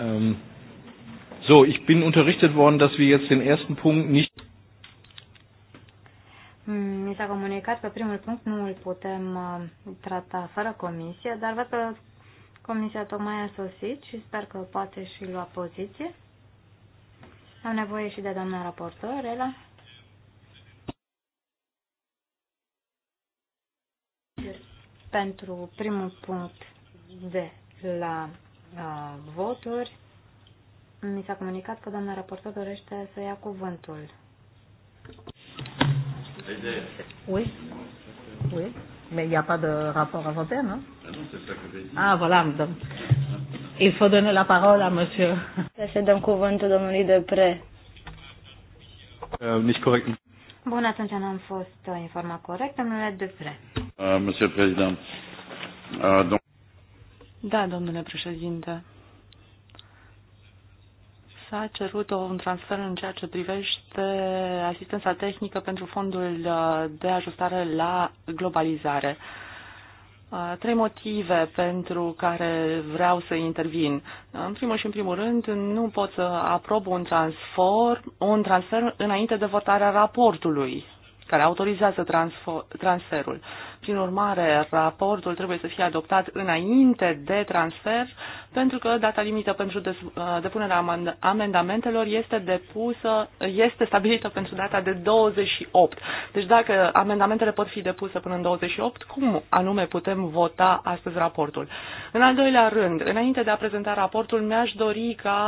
Ähm, so, ich bin unterrichtet worden, dass wir jetzt den ersten Punkt nicht. Mm, mi s-a comunicat că primul punct nu îl putem uh, trata fără comisie, dar văd că comisia tocmai a sosit și sper că poate și lua poziție. Am nevoie și de doamna raportor, Ela. Pentru primul punct de la uh, voturi. Mi s-a comunicat că doamna raportor dorește să ia cuvântul. Oui. Oui. Mais il n'y a pas de rapport à voter, non Ah, ah voilà. Donc, il faut donner la parole à monsieur. C'est Să dăm cuvântul domnului Depre. Uh, nici corect. Bun, atunci n-am fost informat corect, domnule Depre. Uh, monsieur le Président, euh, donc... Da, domnule președinte. S-a cerut un transfer în ceea ce privește asistența tehnică pentru fondul uh, de ajustare la globalizare. Uh, trei motive pentru care vreau să intervin. Uh, în primul și în primul rând, nu pot să aprob un transfer, un transfer înainte de votarea raportului care autorizează transferul. Prin urmare, raportul trebuie să fie adoptat înainte de transfer, pentru că data limită pentru uh, depunerea amendamentelor este depusă, este stabilită pentru data de 28. Deci dacă amendamentele pot fi depuse până în 28, cum anume putem vota astăzi raportul? În al doilea rând, înainte de a prezenta raportul, mi-aș dori ca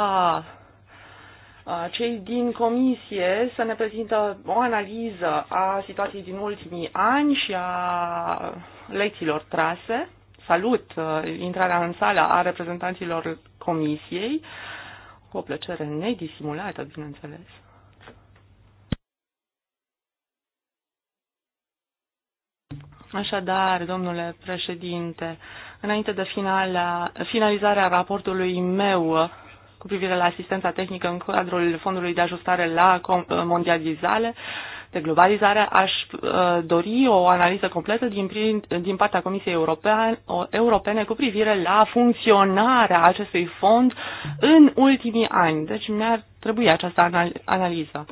cei din comisie să ne prezintă o analiză a situației din ultimii ani și a lecțiilor trase. Salut intrarea în sală a reprezentanților comisiei, cu o plăcere nedisimulată, bineînțeles. Așadar, domnule președinte, înainte de finala, finalizarea raportului meu cu privire la asistența tehnică în cadrul Fondului de Ajustare la Mondializare, de globalizare, aș uh, dori o analiză completă din, prin, din partea Comisiei European, Europene cu privire la funcționarea acestui fond în ultimii ani. Deci mi-ar trebui această analiză.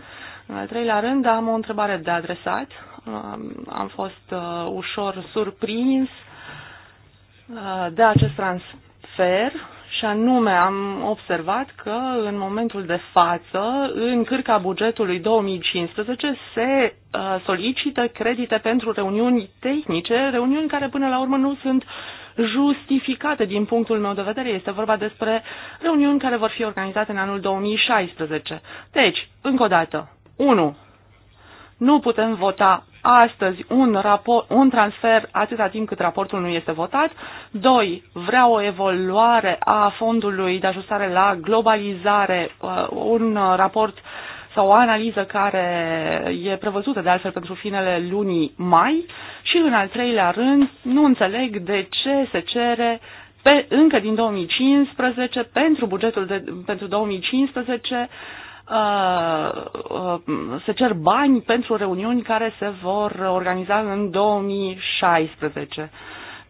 În al treilea rând, am o întrebare de adresat. Am fost uh, ușor surprins uh, de acest transfer și anume, am observat că în momentul de față, în cârca bugetului 2015, se uh, solicită credite pentru reuniuni tehnice, reuniuni care până la urmă nu sunt justificate din punctul meu de vedere. Este vorba despre reuniuni care vor fi organizate în anul 2016. Deci, încă o dată, 1. Nu putem vota astăzi un, raport, un transfer atâta timp cât raportul nu este votat. Doi, vreau o evoluare a fondului de ajustare la globalizare, uh, un uh, raport sau o analiză care e prevăzută de altfel pentru finele lunii mai și în al treilea rând nu înțeleg de ce se cere pe, încă din 2015 pentru bugetul de, pentru 2015 Uh, uh, se cer bani pentru reuniuni care se vor organiza în 2016.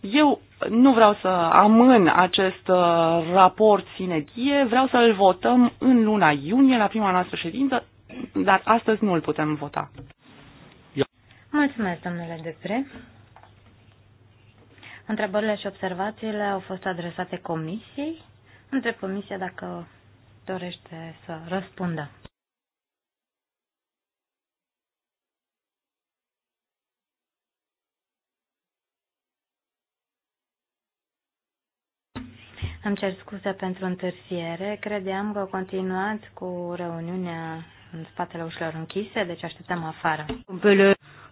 Eu nu vreau să amân acest uh, raport sine vreau să l votăm în luna iunie la prima noastră ședință, dar astăzi nu îl putem vota. Mulțumesc, domnule Depre. Întrebările și observațiile au fost adresate comisiei. Întreb comisia dacă dorește să răspundă. Îmi cer scuze pentru întârziere. Credeam că continuați cu reuniunea în spatele ușilor închise, deci așteptăm afară.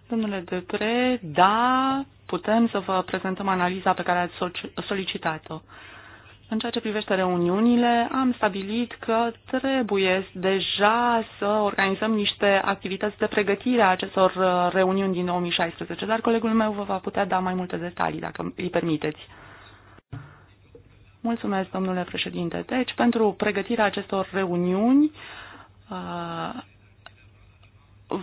Domnule Depre, da, putem să vă prezentăm analiza pe care ați solicitat-o. În ceea ce privește reuniunile, am stabilit că trebuie deja să organizăm niște activități de pregătire a acestor uh, reuniuni din 2016, dar colegul meu vă va putea da mai multe detalii, dacă îi permiteți. Mulțumesc, domnule președinte. Deci, pentru pregătirea acestor reuniuni, uh,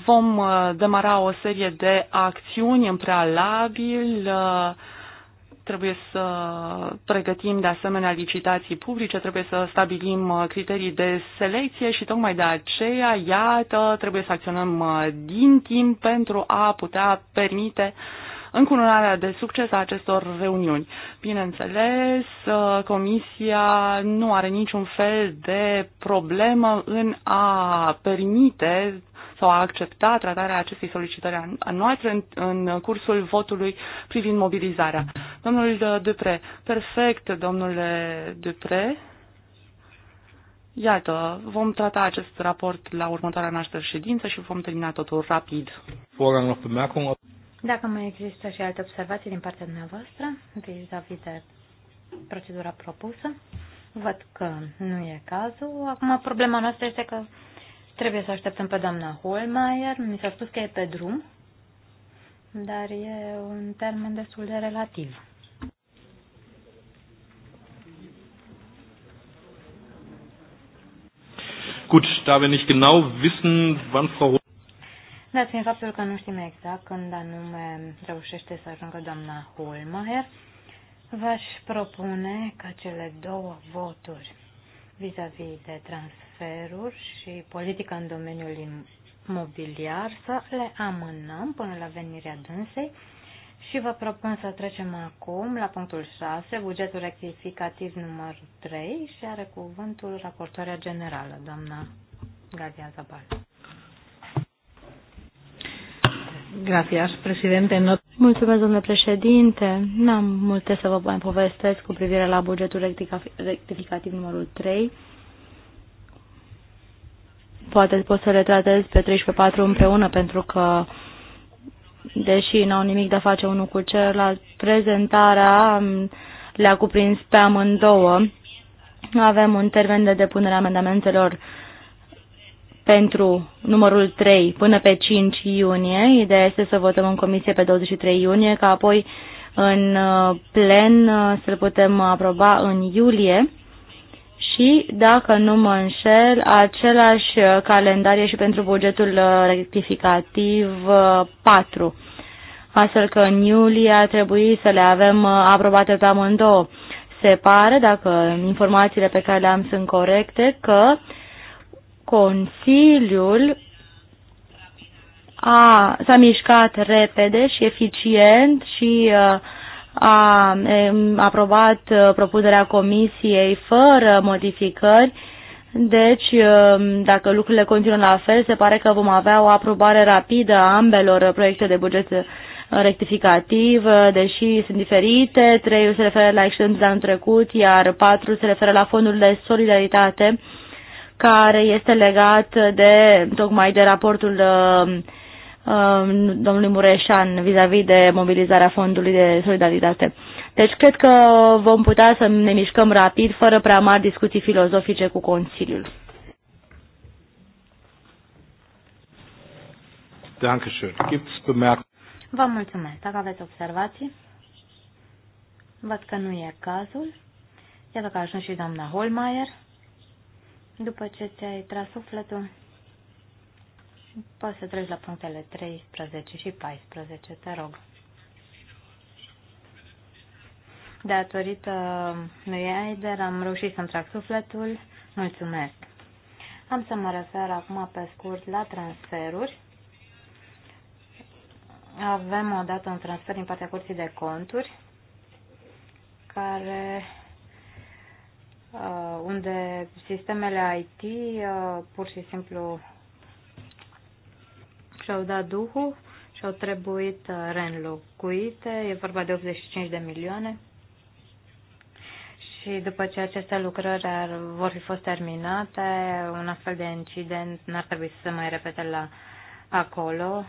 vom uh, demara o serie de acțiuni în prealabil, Trebuie să pregătim de asemenea licitații publice, trebuie să stabilim uh, criterii de selecție și tocmai de aceea, iată, trebuie să acționăm uh, din timp pentru a putea permite uh, încununarea de succes a acestor reuniuni. Bineînțeles, uh, Comisia nu are niciun fel de problemă în a permite sau a accepta tratarea acestei solicitări a noastră în, în cursul votului privind mobilizarea. Domnul uh, Dupre, perfect, domnule Dupre. Iată, vom trata acest raport la următoarea noastră ședință și vom termina totul rapid. Dacă mai există și alte observații din partea dumneavoastră vis-a-vis de procedura propusă, văd că nu e cazul. Acum, problema noastră este că trebuie să așteptăm pe doamna Holmeier. Mi s-a spus că e pe drum, dar e un termen destul de relativ. Gut, da wir nicht genau wissen, wann Frau dat fiind faptul că nu știm exact când anume reușește să ajungă doamna Hulmaher, v-aș propune ca cele două voturi vis-a-vis -vis de transferuri și politica în domeniul imobiliar să le amânăm până la venirea dânsei și vă propun să trecem acum la punctul 6, bugetul rectificativ numărul 3 și are cuvântul raportoarea generală, doamna Gazia Zabal. Gracias, presidente. No... Mulțumesc, domnule președinte. N-am multe să vă mai povestesc cu privire la bugetul rectificativ numărul 3. Poate pot să le tratez pe 13-4 împreună, pentru că, deși n-au nimic de a face unul cu celălalt, prezentarea le-a cuprins pe amândouă. Avem un termen de depunere a amendamentelor pentru numărul 3 până pe 5 iunie. Ideea este să votăm în comisie pe 23 iunie, ca apoi în uh, plen uh, să-l putem aproba în iulie. Și, dacă nu mă înșel, același calendar e și pentru bugetul uh, rectificativ 4. Astfel că în iulie ar trebui să le avem aprobate pe amândouă. Se pare, dacă informațiile pe care le am sunt corecte, că uh, Consiliul a, s-a mișcat repede și eficient și uh, a aprobat uh, propunerea comisiei fără modificări. Deci, um, dacă lucrurile continuă la fel, se pare că vom avea o aprobare rapidă a ambelor proiecte de buget rectificativ, uh, deși sunt diferite. Trei se referă la excedentul de anul trecut, iar patru se referă la fondul de solidaritate care este legat de tocmai de raportul uh, uh, domnului Mureșan vis-a-vis -vis de mobilizarea fondului de solidaritate. Deci cred că vom putea să ne mișcăm rapid, fără prea mari discuții filozofice cu Consiliul. Vă mulțumesc. Dacă aveți observații, văd că nu e cazul. Iată că a ajuns și doamna Holmeier. După ce ți-ai tras sufletul, poți să treci la punctele 13 și 14, te rog. Datorită lui Aider am reușit să-mi trag sufletul. Mulțumesc! Am să mă refer acum pe scurt la transferuri. Avem o dată un transfer din partea Curții de Conturi care Uh, unde sistemele IT uh, pur și simplu și-au dat duhul și-au trebuit uh, reînlocuite. E vorba de 85 de milioane. Și după ce aceste lucrări ar, vor fi fost terminate, un astfel de incident n-ar trebui să se mai repete la acolo.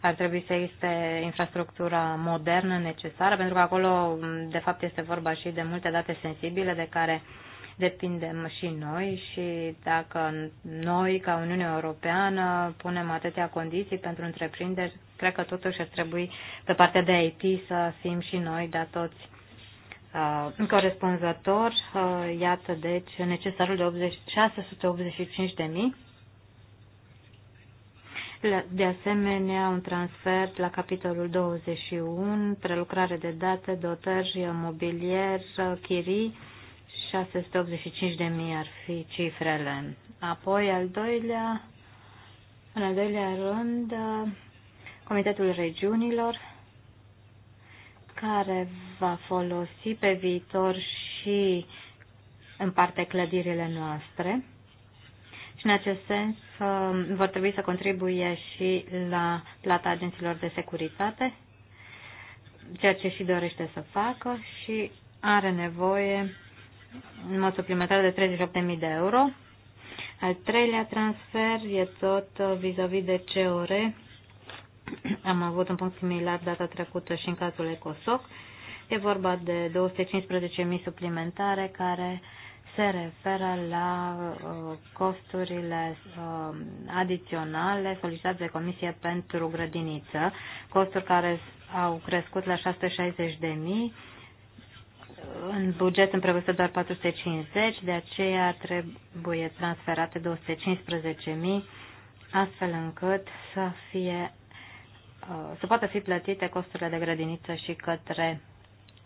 Ar trebui să existe infrastructura modernă necesară, pentru că acolo, de fapt, este vorba și de multe date sensibile de care uh, depindem și noi și dacă noi, ca Uniunea Europeană, punem atâtea condiții pentru întreprinderi, cred că totuși ar trebui pe partea de IT să fim și noi, dar toți uh, corespunzător. Uh, iată, deci, necesarul de 685.000. de De asemenea, un transfer la capitolul 21, prelucrare de date, dotări, mobilier, chirii, 685 de mii ar fi cifrele. Apoi, al doilea, în al doilea rând, Comitetul Regiunilor, care va folosi pe viitor și în parte clădirile noastre. Și în acest sens um, vor trebui să contribuie și la plata agenților de securitate, ceea ce și dorește să facă și are nevoie în mod suplimentar de 38.000 de euro. Al treilea transfer e tot vis-a-vis -vis de COR. Am avut un punct similar data trecută și în cazul ECOSOC. E vorba de 215.000 suplimentare care se referă la uh, costurile uh, adiționale solicitate de Comisie pentru Grădiniță, costuri care au crescut la 660.000 în buget sunt prevăzute doar 450, de aceea trebuie transferate 215.000, astfel încât să fie uh, să poată fi plătite costurile de grădiniță și către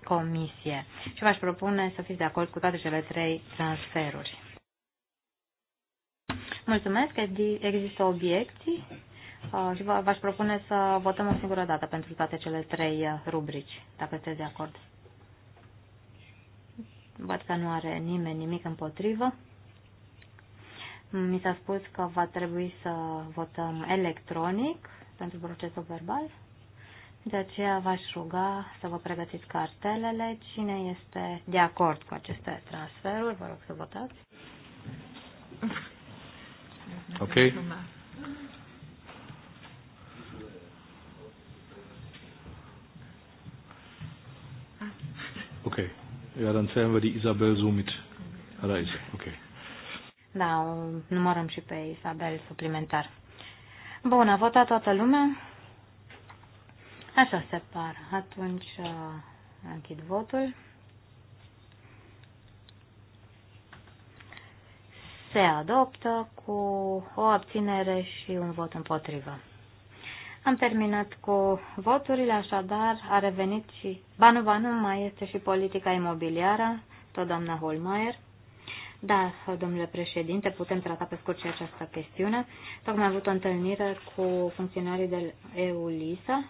comisie. Și v-aș propune să fiți de acord cu toate cele trei transferuri. Mulțumesc că există obiecții uh, și v-aș propune să votăm o singură dată pentru toate cele trei uh, rubrici, dacă sunteți de acord. Văd că nu are nimeni nimic împotrivă. Mi s-a spus că va trebui să votăm electronic pentru procesul verbal. De aceea v-aș ruga să vă pregătiți cartelele. Cine este de acord cu aceste transferuri, vă rog să votați. Ok. Ja, dann zählen wir die Isabel so mit. Ah, da ist. sie. Okay. Da, numărăm și pe Isabel suplimentar. Bun, a votat toată lumea? Așa se par. Atunci uh, închid votul. Se adoptă cu o abținere și un vot împotrivă. Am terminat cu voturile, așadar a revenit și... Ba nu, ba nu, mai este și politica imobiliară, tot doamna Holmeier. Da, domnule președinte, putem trata pe scurt și această chestiune. Tocmai am avut o întâlnire cu funcționarii de EULISA,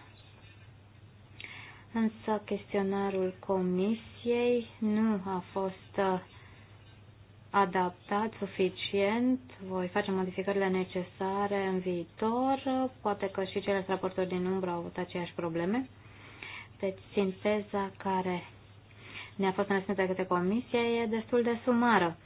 însă chestionarul comisiei nu a fost uh, adaptat suficient, voi face modificările necesare în viitor, poate că și ceilalți raportori din umbră au avut aceeași probleme. Deci sinteza care ne-a fost transmisă de către comisie e destul de sumară.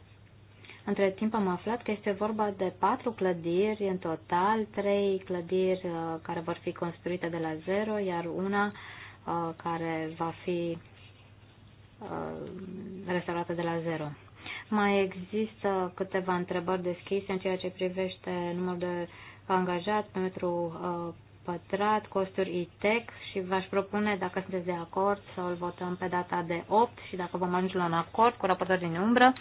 Între timp am aflat că este vorba de patru clădiri în total, trei clădiri uh, care vor fi construite de la zero, iar una uh, care va fi uh, restaurată de la zero. Mai există câteva întrebări deschise în ceea ce privește numărul de angajați pe metru uh, pătrat, costuri ITEC și v-aș propune, dacă sunteți de acord, să îl votăm pe data de 8 și dacă vom ajunge la un acord cu raportul din umbră,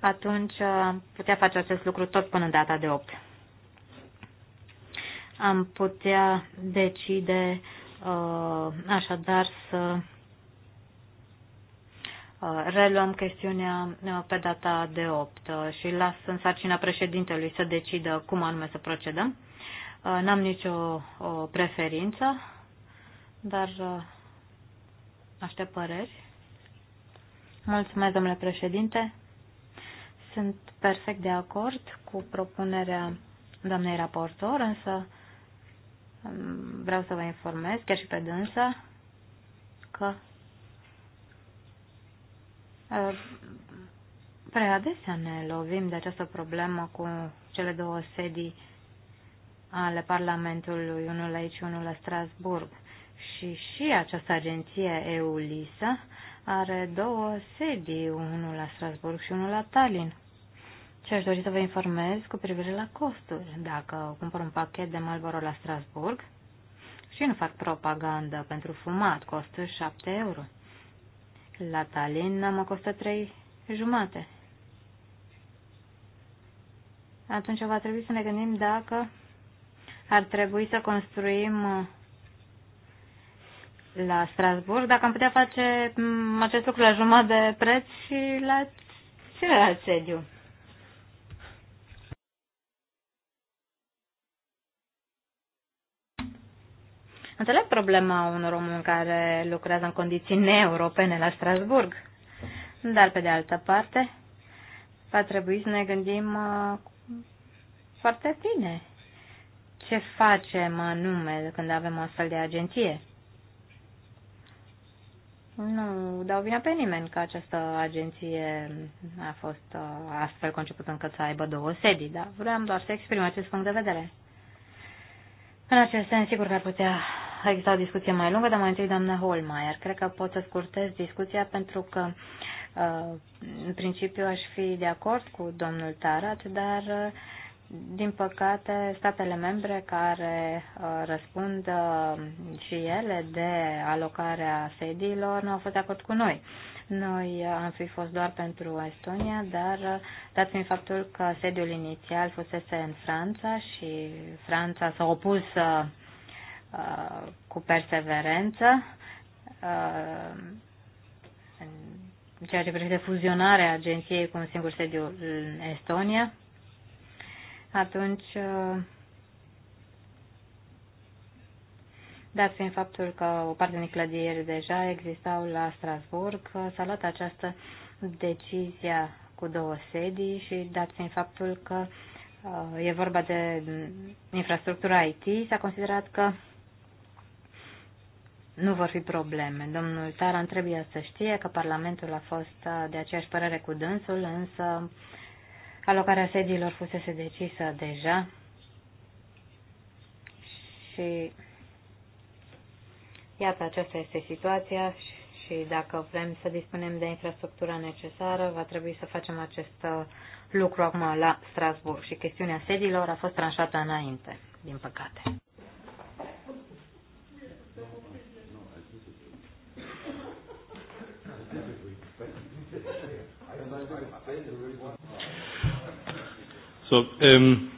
atunci uh, putea face acest lucru tot până data de 8. Am putea decide uh, așadar să Uh, reluăm chestiunea uh, pe data de 8 uh, și las în sarcina președintelui să decidă cum anume să procedăm. N-am nicio preferință, dar aștept păreri. Mulțumesc, domnule președinte. Sunt perfect de acord cu propunerea doamnei raportor, însă um, vreau să vă informez, chiar și pe dânsă, că Eh, prea adesea ne lovim de această problemă cu cele două sedii ale Parlamentului, unul aici, unul la Strasburg. Și și această agenție EULISA are două sedii, unul la Strasburg și unul la Tallinn. Și aș dori să vă informez cu privire la costuri. Dacă cumpăr un pachet de Marlboro la Strasburg și nu fac propagandă pentru fumat, costă 7 euro. La Tallinn am a costat trei jumate. Atunci va trebui să ne gândim dacă ar trebui să construim uh, la Strasburg, dacă am putea face mm, acest lucru la jumătate de preț și la celălalt sediu. Înțeleg problema unor români care lucrează în condiții neeuropene la Strasburg, dar pe de altă parte va trebui să ne gândim uh, foarte bine ce facem anume când avem o astfel de agenție. Nu dau vina pe nimeni că această agenție a fost uh, astfel concepută încât să aibă două sedii, dar vreau doar să exprim acest punct de vedere. În acest sens, sigur că ar putea a existat o discuție mai lungă, dar mai întâi doamna Holmeier. Cred că pot să scurtez discuția pentru că uh, în principiu aș fi de acord cu domnul Tarat, dar uh, din păcate statele membre care uh, răspund și ele de alocarea sediilor nu au fost de acord cu noi. Noi am fi fost doar pentru Estonia, dar dat fiind faptul că sediul inițial fusese în Franța și Franța s-a opus uh, Uh, cu perseverență uh, în ceea ce privește fuzionarea agenției cu un singur sediu în Estonia, atunci, uh, dat fiind faptul că o parte din clădiri deja existau la Strasburg, s-a luat această decizia cu două sedii și dat fiind faptul că e vorba de infrastructura IT, s-a considerat că nu vor fi probleme. Domnul Taran trebuie să știe că Parlamentul a fost uh, de aceeași părere cu dânsul, însă alocarea sediilor fusese decisă deja și iată, aceasta este situația și dacă vrem să dispunem de infrastructura necesară, va trebui să facem acest uh, lucru acum la Strasburg și chestiunea sediilor a fost tranșată înainte, din păcate. So, ähm,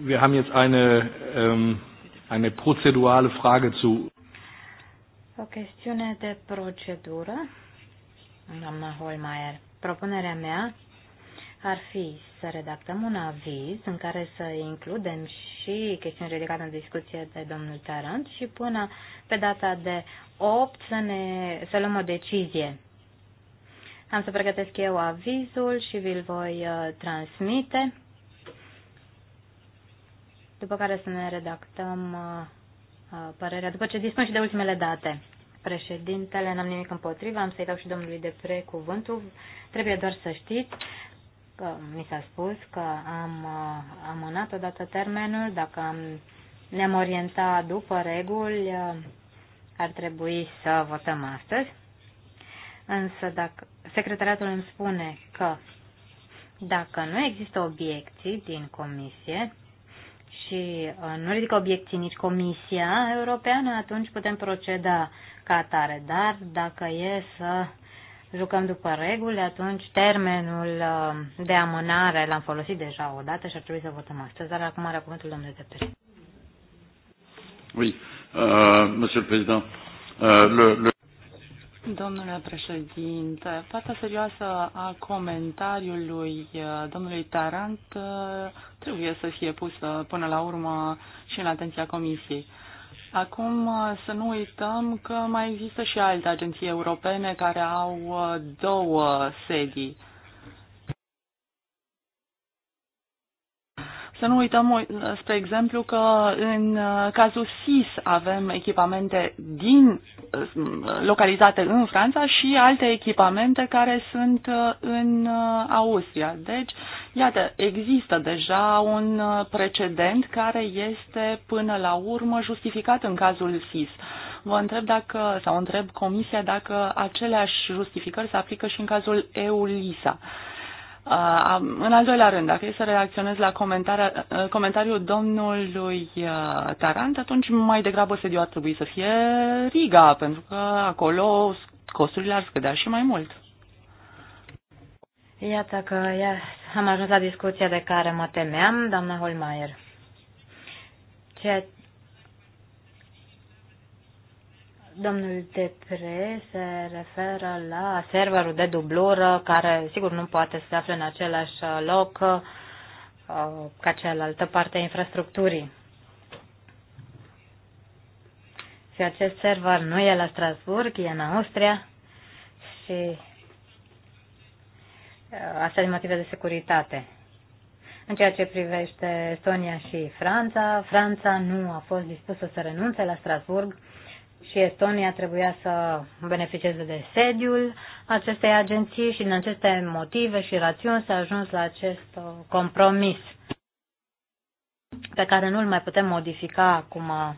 wir haben jetzt eine, ähm, eine prozedurale Frage zu. O chestiune de procedură, doamna Holmeier. Propunerea mea ar fi să redactăm un aviz în care să includem și chestiuni ridicate în discuție de domnul Tarant și până pe data de 8 să, ne, să luăm o decizie am să pregătesc eu avizul și vi-l voi uh, transmite. După care să ne redactăm uh, uh, părerea, după ce dispun și de ultimele date. Președintele, n-am nimic împotriva, am să-i dau și domnului Depre cuvântul. Trebuie doar să știți că mi s-a spus că am amânat odată termenul, dacă am, ne-am orientat după reguli, ar trebui să votăm astăzi. Însă dacă secretariatul îmi spune că dacă nu există obiecții din comisie și uh, nu ridică obiecții nici Comisia Europeană, atunci putem proceda ca atare. Dar dacă e să jucăm după reguli, atunci termenul uh, de amânare l-am folosit deja o dată și ar trebui să votăm astăzi, dar acum are cuvântul domnul Zepter. Oui, euh, monsieur le président, euh, le, le... Domnule președinte, partea serioasă a comentariului uh, domnului Tarant uh, trebuie să fie pusă până la urmă și în atenția Comisiei. Acum uh, să nu uităm că mai există și alte agenții europene care au două sedii Să nu uităm, spre exemplu, că în uh, cazul SIS avem echipamente din, uh, localizate în Franța și alte echipamente care sunt uh, în Austria. Deci, iată, există deja un precedent care este până la urmă justificat în cazul SIS. Vă întreb dacă, sau întreb Comisia dacă aceleași justificări se aplică și în cazul EULISA. Uh, în al doilea rând, dacă e să reacționez la uh, comentariul domnului uh, Tarant, atunci mai degrabă sediu ar trebui să fie Riga, pentru că acolo costurile ar scădea și mai mult. Iată că ia, am ajuns la discuția de care mă temeam, doamna Holmeier. Ceea Domnul Depre se referă la serverul de dublură, care sigur nu poate să se afle în același loc uh, ca cealaltă parte a infrastructurii. Și acest server nu e la Strasburg, e în Austria și uh, asta din motive de securitate. În ceea ce privește Estonia și Franța, Franța nu a fost dispusă să renunțe la Strasburg, și Estonia trebuia să beneficieze de sediul acestei agenții și din aceste motive și rațiuni s-a ajuns la acest uh, compromis pe care nu-l mai putem modifica acum uh,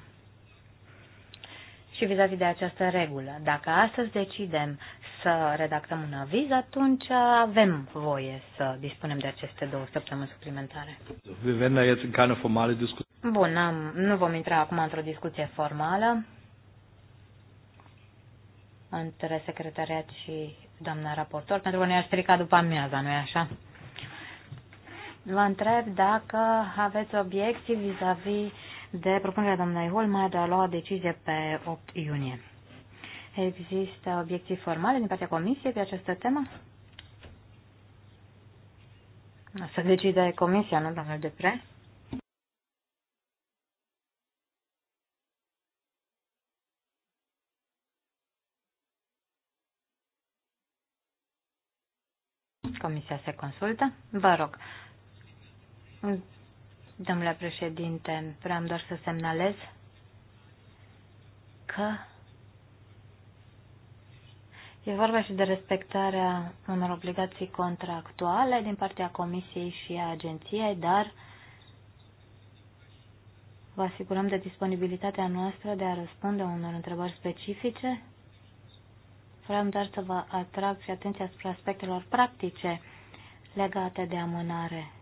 și vis-a-vis de această regulă. Dacă astăzi decidem să redactăm un aviz, atunci avem voie să dispunem de aceste două săptămâni suplimentare. Da Bun, nu vom intra acum într-o discuție formală între secretariat și doamna raportor, pentru că ne-a stricat după amiaza, nu-i așa? Vă întreb dacă aveți obiecții vis-a-vis de propunerea doamnei Holmer de a lua o decizie pe 8 iunie. Există obiecții formale din partea Comisiei pe această temă? Să decide Comisia, nu, domnul Depre? Comisia se consultă? Vă rog. Domnule președinte, vreau doar să semnalez că e vorba și de respectarea unor obligații contractuale din partea Comisiei și a agenției, dar vă asigurăm de disponibilitatea noastră de a răspunde unor întrebări specifice Vreau doar să vă atrag și atenția spre aspectelor practice legate de amânare.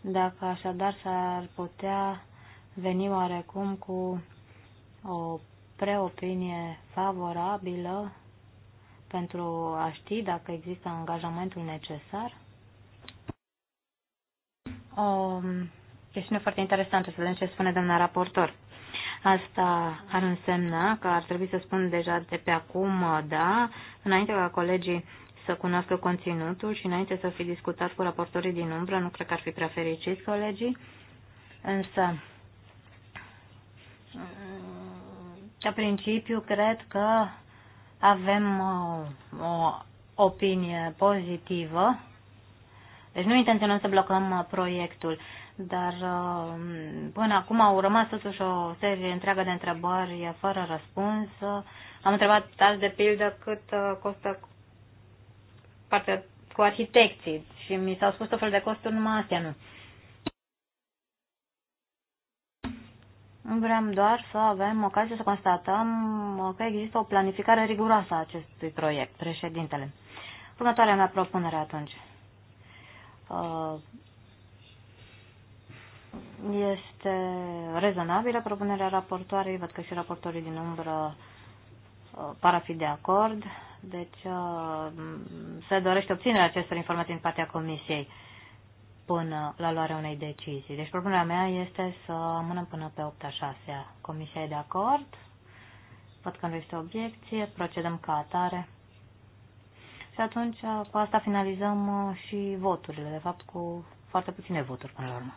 Dacă așadar s-ar putea veni oarecum cu o preopinie favorabilă pentru a ști dacă există angajamentul necesar, o chestiune foarte interesantă, să vedem ce spune doamna raportor. Asta ar însemna că ar trebui să spun deja de pe acum, da, înainte ca colegii să cunoască conținutul și înainte să fi discutat cu raportorii din umbră, nu cred că ar fi prea fericiți colegii, însă ca principiu cred că avem o, uh, o opinie pozitivă deci nu intenționăm să blocăm uh, proiectul, dar um, până acum au rămas totuși o serie întreagă de întrebări fără răspuns. Am întrebat azi de pildă cât uh, costă partea cu arhitecții și mi s-au spus o fel de costuri, numai astea nu. Vrem doar să avem ocazia să constatăm că există o planificare riguroasă a acestui proiect, președintele. Următoarea mea propunere atunci. Uh, este rezonabilă propunerea raportoarei, văd că și raportorii din umbră uh, par a fi de acord, deci uh, se dorește obținerea acestor informații din partea Comisiei până la luarea unei decizii. Deci propunerea mea este să amânăm până pe 8 a 6 -a. Comisia e de acord, văd că nu este obiecție, procedăm ca atare. Și atunci uh, cu asta finalizăm și voturile, de fapt cu foarte puține voturi până la urmă.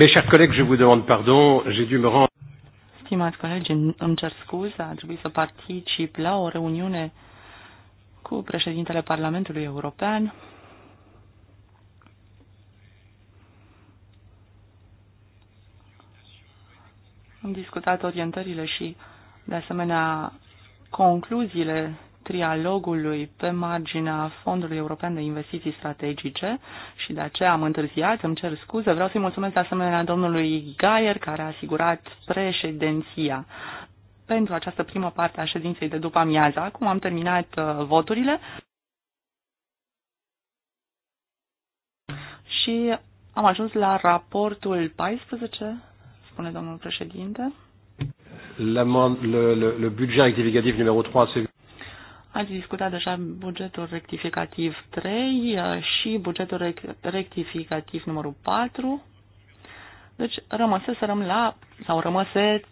Mes chers collègues, je vous demande pardon, j'ai dû me rendre. Stimați colegi, îmi cer scuze, a trebuit să particip la o reuniune cu președintele Parlamentului European. Am discutat orientările și, de asemenea, concluziile trialogului pe marginea Fondului European de Investiții Strategice și de aceea am întârziat, îmi cer scuze. Vreau să-i mulțumesc de asemenea domnului Gaier care a asigurat președinția pentru această primă parte a ședinței de după amiază. Acum am terminat uh, voturile și am ajuns la raportul 14, spune domnul președinte. Le, le, le budget rectificatif numărul 3 Ați discutat deja bugetul rectificativ 3 uh, și bugetul rectificativ numărul 4. Deci rămăseserăm la, sau rămăseți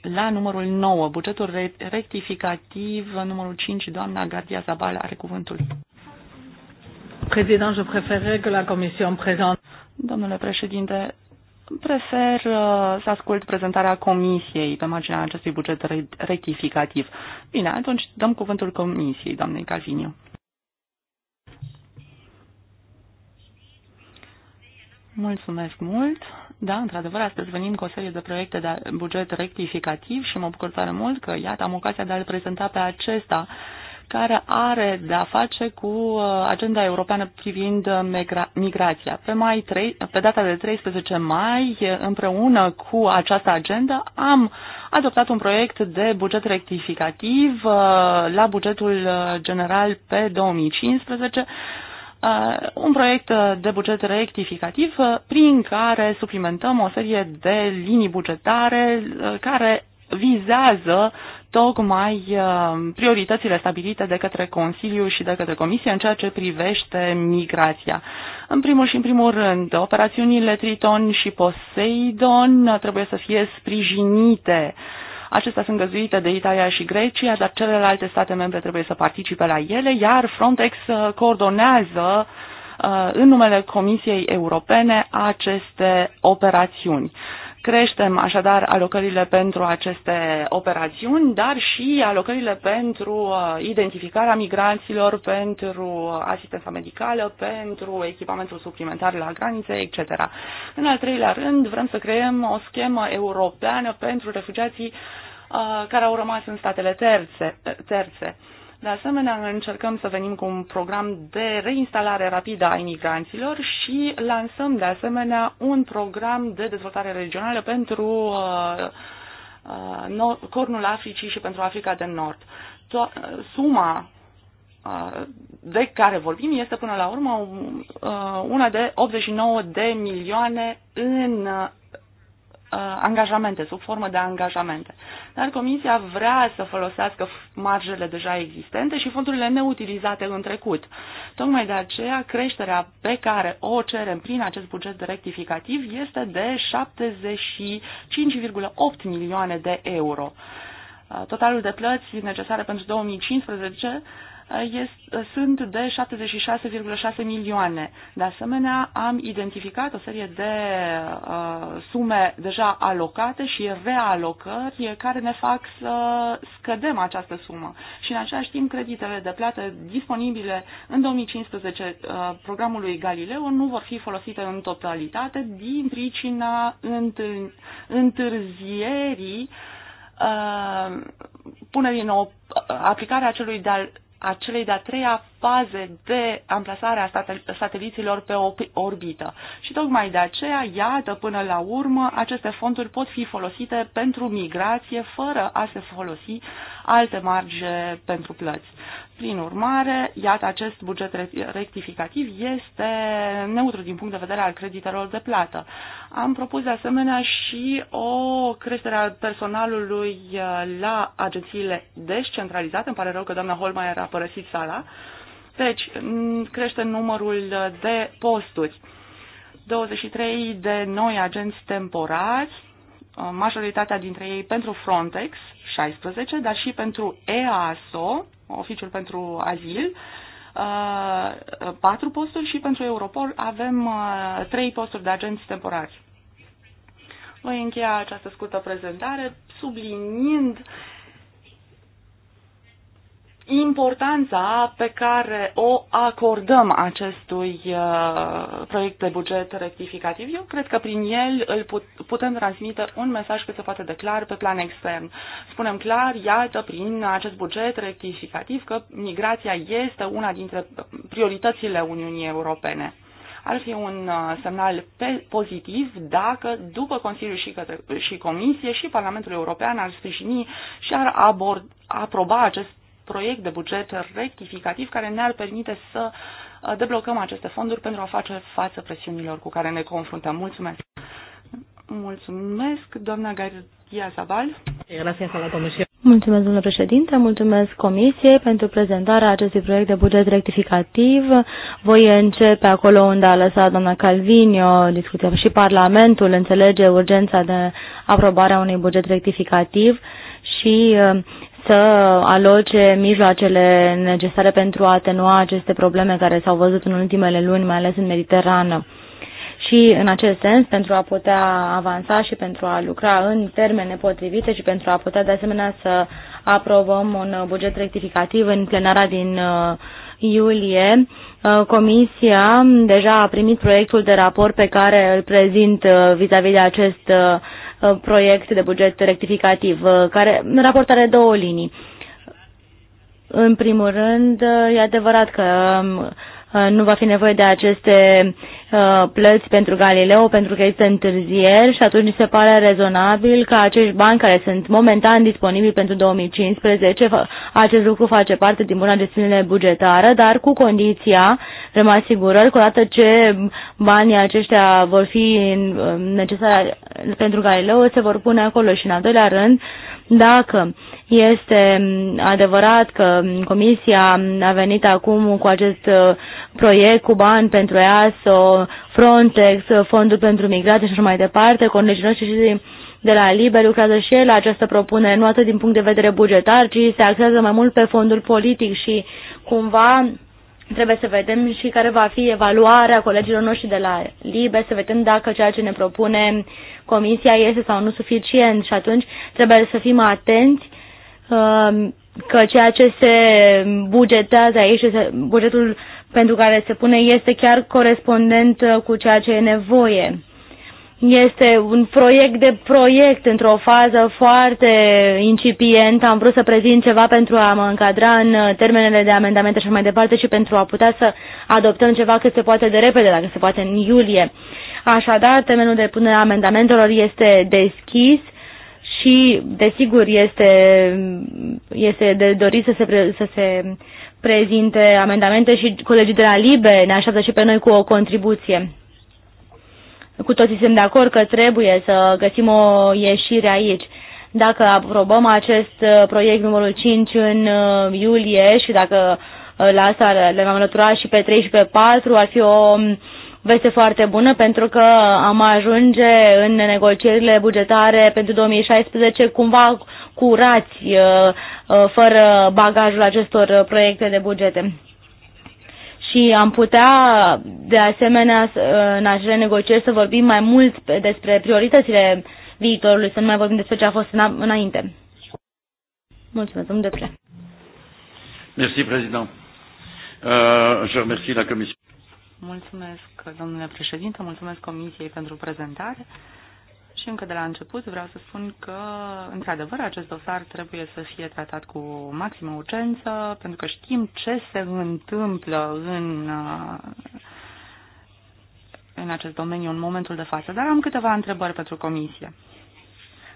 la numărul 9, bugetul rectificativ numărul 5, doamna Gardia Zabal are cuvântul. Président, je préférerais que la Commission présente. Domnule președinte, prefer uh, să ascult prezentarea comisiei pe marginea acestui buget rectificativ. Bine, atunci dăm cuvântul comisiei, doamnei Calviniu. Mulțumesc mult! Da, într-adevăr, astăzi venim cu o serie de proiecte de buget rectificativ și mă bucur tare mult că, iată, am ocazia de a-l prezenta pe acesta care are de-a face cu uh, agenda europeană privind uh, migra migrația. Pe, mai 3, pe data de 13 mai, uh, împreună cu această agenda, am adoptat un proiect de buget rectificativ la bugetul general pe 2015 un proiect de buget rectificativ prin care suplimentăm o serie de linii bugetare care vizează tocmai uh, prioritățile stabilite de către Consiliu și de către Comisie în ceea ce privește migrația. În primul și în primul rând, operațiunile Triton și Poseidon trebuie să fie sprijinite. Acestea sunt găzuite de Italia și Grecia, dar celelalte state membre trebuie să participe la ele, iar Frontex uh, coordonează uh, în numele Comisiei Europene aceste operațiuni. Creștem așadar alocările pentru aceste operațiuni, dar și alocările pentru uh, identificarea migranților, pentru asistența medicală, pentru echipamentul suplimentar la granițe, etc. În al treilea rând, vrem să creăm o schemă europeană pentru refugiații uh, care au rămas în statele terțe. terțe. De asemenea, încercăm să venim cu un program de reinstalare rapidă a imigranților și lansăm, de asemenea, un program de dezvoltare regională pentru uh, uh, Cornul Africii și pentru Africa de Nord. To- suma uh, de care vorbim este până la urmă uh, una de 89 de milioane în Uh, angajamente, sub formă de angajamente. Dar Comisia vrea să folosească marjele deja existente și fondurile neutilizate în trecut. Tocmai de aceea, creșterea pe care o cerem prin acest buget de rectificativ este de 75,8 milioane de euro. Uh, totalul de plăți necesare pentru 2015 sunt de 76,6 milioane. De asemenea, am identificat o serie de uh, sume deja alocate și realocări care ne fac să scădem această sumă. Și în același timp, creditele de plată disponibile în 2015 uh, programului Galileo nu vor fi folosite în totalitate din pricina întârzierii uh, punerii în aplicarea acelui de-al a celei de-a treia faze de amplasare a sateliților pe orbită. Și tocmai de aceea, iată, până la urmă, aceste fonduri pot fi folosite pentru migrație fără a se folosi alte marge pentru plăți. Prin urmare, iată, acest buget rectificativ este neutru din punct de vedere al creditelor de plată. Am propus de asemenea și o creștere a personalului uh, la agențiile descentralizate. Îmi pare rău că doamna Holmeier a părăsit sala. Deci, crește numărul uh, de posturi. 23 de noi agenți temporați, Uh, majoritatea dintre ei pentru Frontex, 16, dar și pentru EASO, Oficiul pentru Azil, uh, patru posturi și pentru Europol avem uh, trei posturi de agenți temporari. Voi încheia această scurtă prezentare subliniind importanța pe care o acordăm acestui uh, proiect de buget rectificativ. Eu cred că prin el îl putem transmite un mesaj cât se poate de clar pe plan extern. Spunem clar, iată, prin acest buget rectificativ că migrația este una dintre prioritățile Uniunii Europene ar fi un uh, semnal pozitiv dacă după Consiliu și, către, și Comisie și Parlamentul European ar sprijini și ar abord, aproba acest proiect de buget rectificativ care ne-ar permite să uh, deblocăm aceste fonduri pentru a face față presiunilor cu care ne confruntăm. Mulțumesc! Mulțumesc, doamna Gardia Zabal. Mulțumesc, domnule președinte, mulțumesc Comisiei pentru prezentarea acestui proiect de buget rectificativ. Voi începe acolo unde a lăsat doamna Calvinio discuția și Parlamentul înțelege urgența de aprobarea unui buget rectificativ și uh, să aloce mijloacele necesare pentru a atenua aceste probleme care s-au văzut în ultimele luni, mai ales în Mediterană. Și în acest sens, pentru a putea avansa și pentru a lucra în termene potrivite și pentru a putea de asemenea să aprobăm un buget rectificativ în plenara din uh, iulie, uh, Comisia deja a primit proiectul de raport pe care îl prezint uh, vis-a-vis -vis de acest Uh, proiect de buget rectificativ, uh, care în raport are două linii. În primul rând, uh, e adevărat că um, Uh, nu va fi nevoie de aceste uh, plăți pentru Galileo pentru că este întârzieri și atunci se pare rezonabil că acești bani care sunt momentan disponibili pentru 2015, acest lucru face parte din buna gestiune bugetară, dar cu condiția, vrem asigurări, că odată ce banii aceștia vor fi necesari pentru Galileo, se vor pune acolo și în al doilea rând, dacă este adevărat că Comisia a venit acum cu acest uh, proiect cu bani pentru EASO, Frontex, Fondul pentru Migrație și așa mai departe. Colegii noștri și de la Liber lucrează și el la această propunere, nu atât din punct de vedere bugetar, ci se axează mai mult pe fondul politic și cumva trebuie să vedem și care va fi evaluarea colegilor noștri de la LIBE, să vedem dacă ceea ce ne propune comisia este sau nu suficient și atunci trebuie să fim atenți uh, că ceea ce se bugetează aici, bugetul pentru care se pune este chiar corespondent uh, cu ceea ce e nevoie. Este un proiect de proiect într-o fază foarte incipientă. Am vrut să prezint ceva pentru a mă încadra în uh, termenele de amendamente și mai departe și pentru a putea să adoptăm ceva cât se poate de repede, dacă se poate în iulie. Așadar, termenul de punere a amendamentelor este deschis și, desigur, este, este de dorit să se, să se prezinte amendamente și colegii de la LIBE ne așteaptă și pe noi cu o contribuție. Cu toții suntem de acord că trebuie să găsim o ieșire aici. Dacă aprobăm acest uh, proiect numărul 5 în uh, iulie și dacă uh, la asta le-am alăturat și pe 3 și pe 4, ar fi o um, veste foarte bună pentru că am ajunge în negocierile bugetare pentru 2016 cumva curați uh, uh, fără bagajul acestor uh, proiecte de bugete. Și am putea, de asemenea, în acele negocieri să vorbim mai mult despre prioritățile viitorului, să nu mai vorbim despre ce a fost înainte. Mulțumesc, domnul Depre. Mersi, prezident. Uh, je remercie la comisie. Mulțumesc, domnule președinte, mulțumesc Comisiei pentru prezentare. Și încă de la început vreau să spun că, într-adevăr, acest dosar trebuie să fie tratat cu maximă urgență, pentru că știm ce se întâmplă în, uh, în acest domeniu în momentul de față. Dar am câteva întrebări pentru Comisie.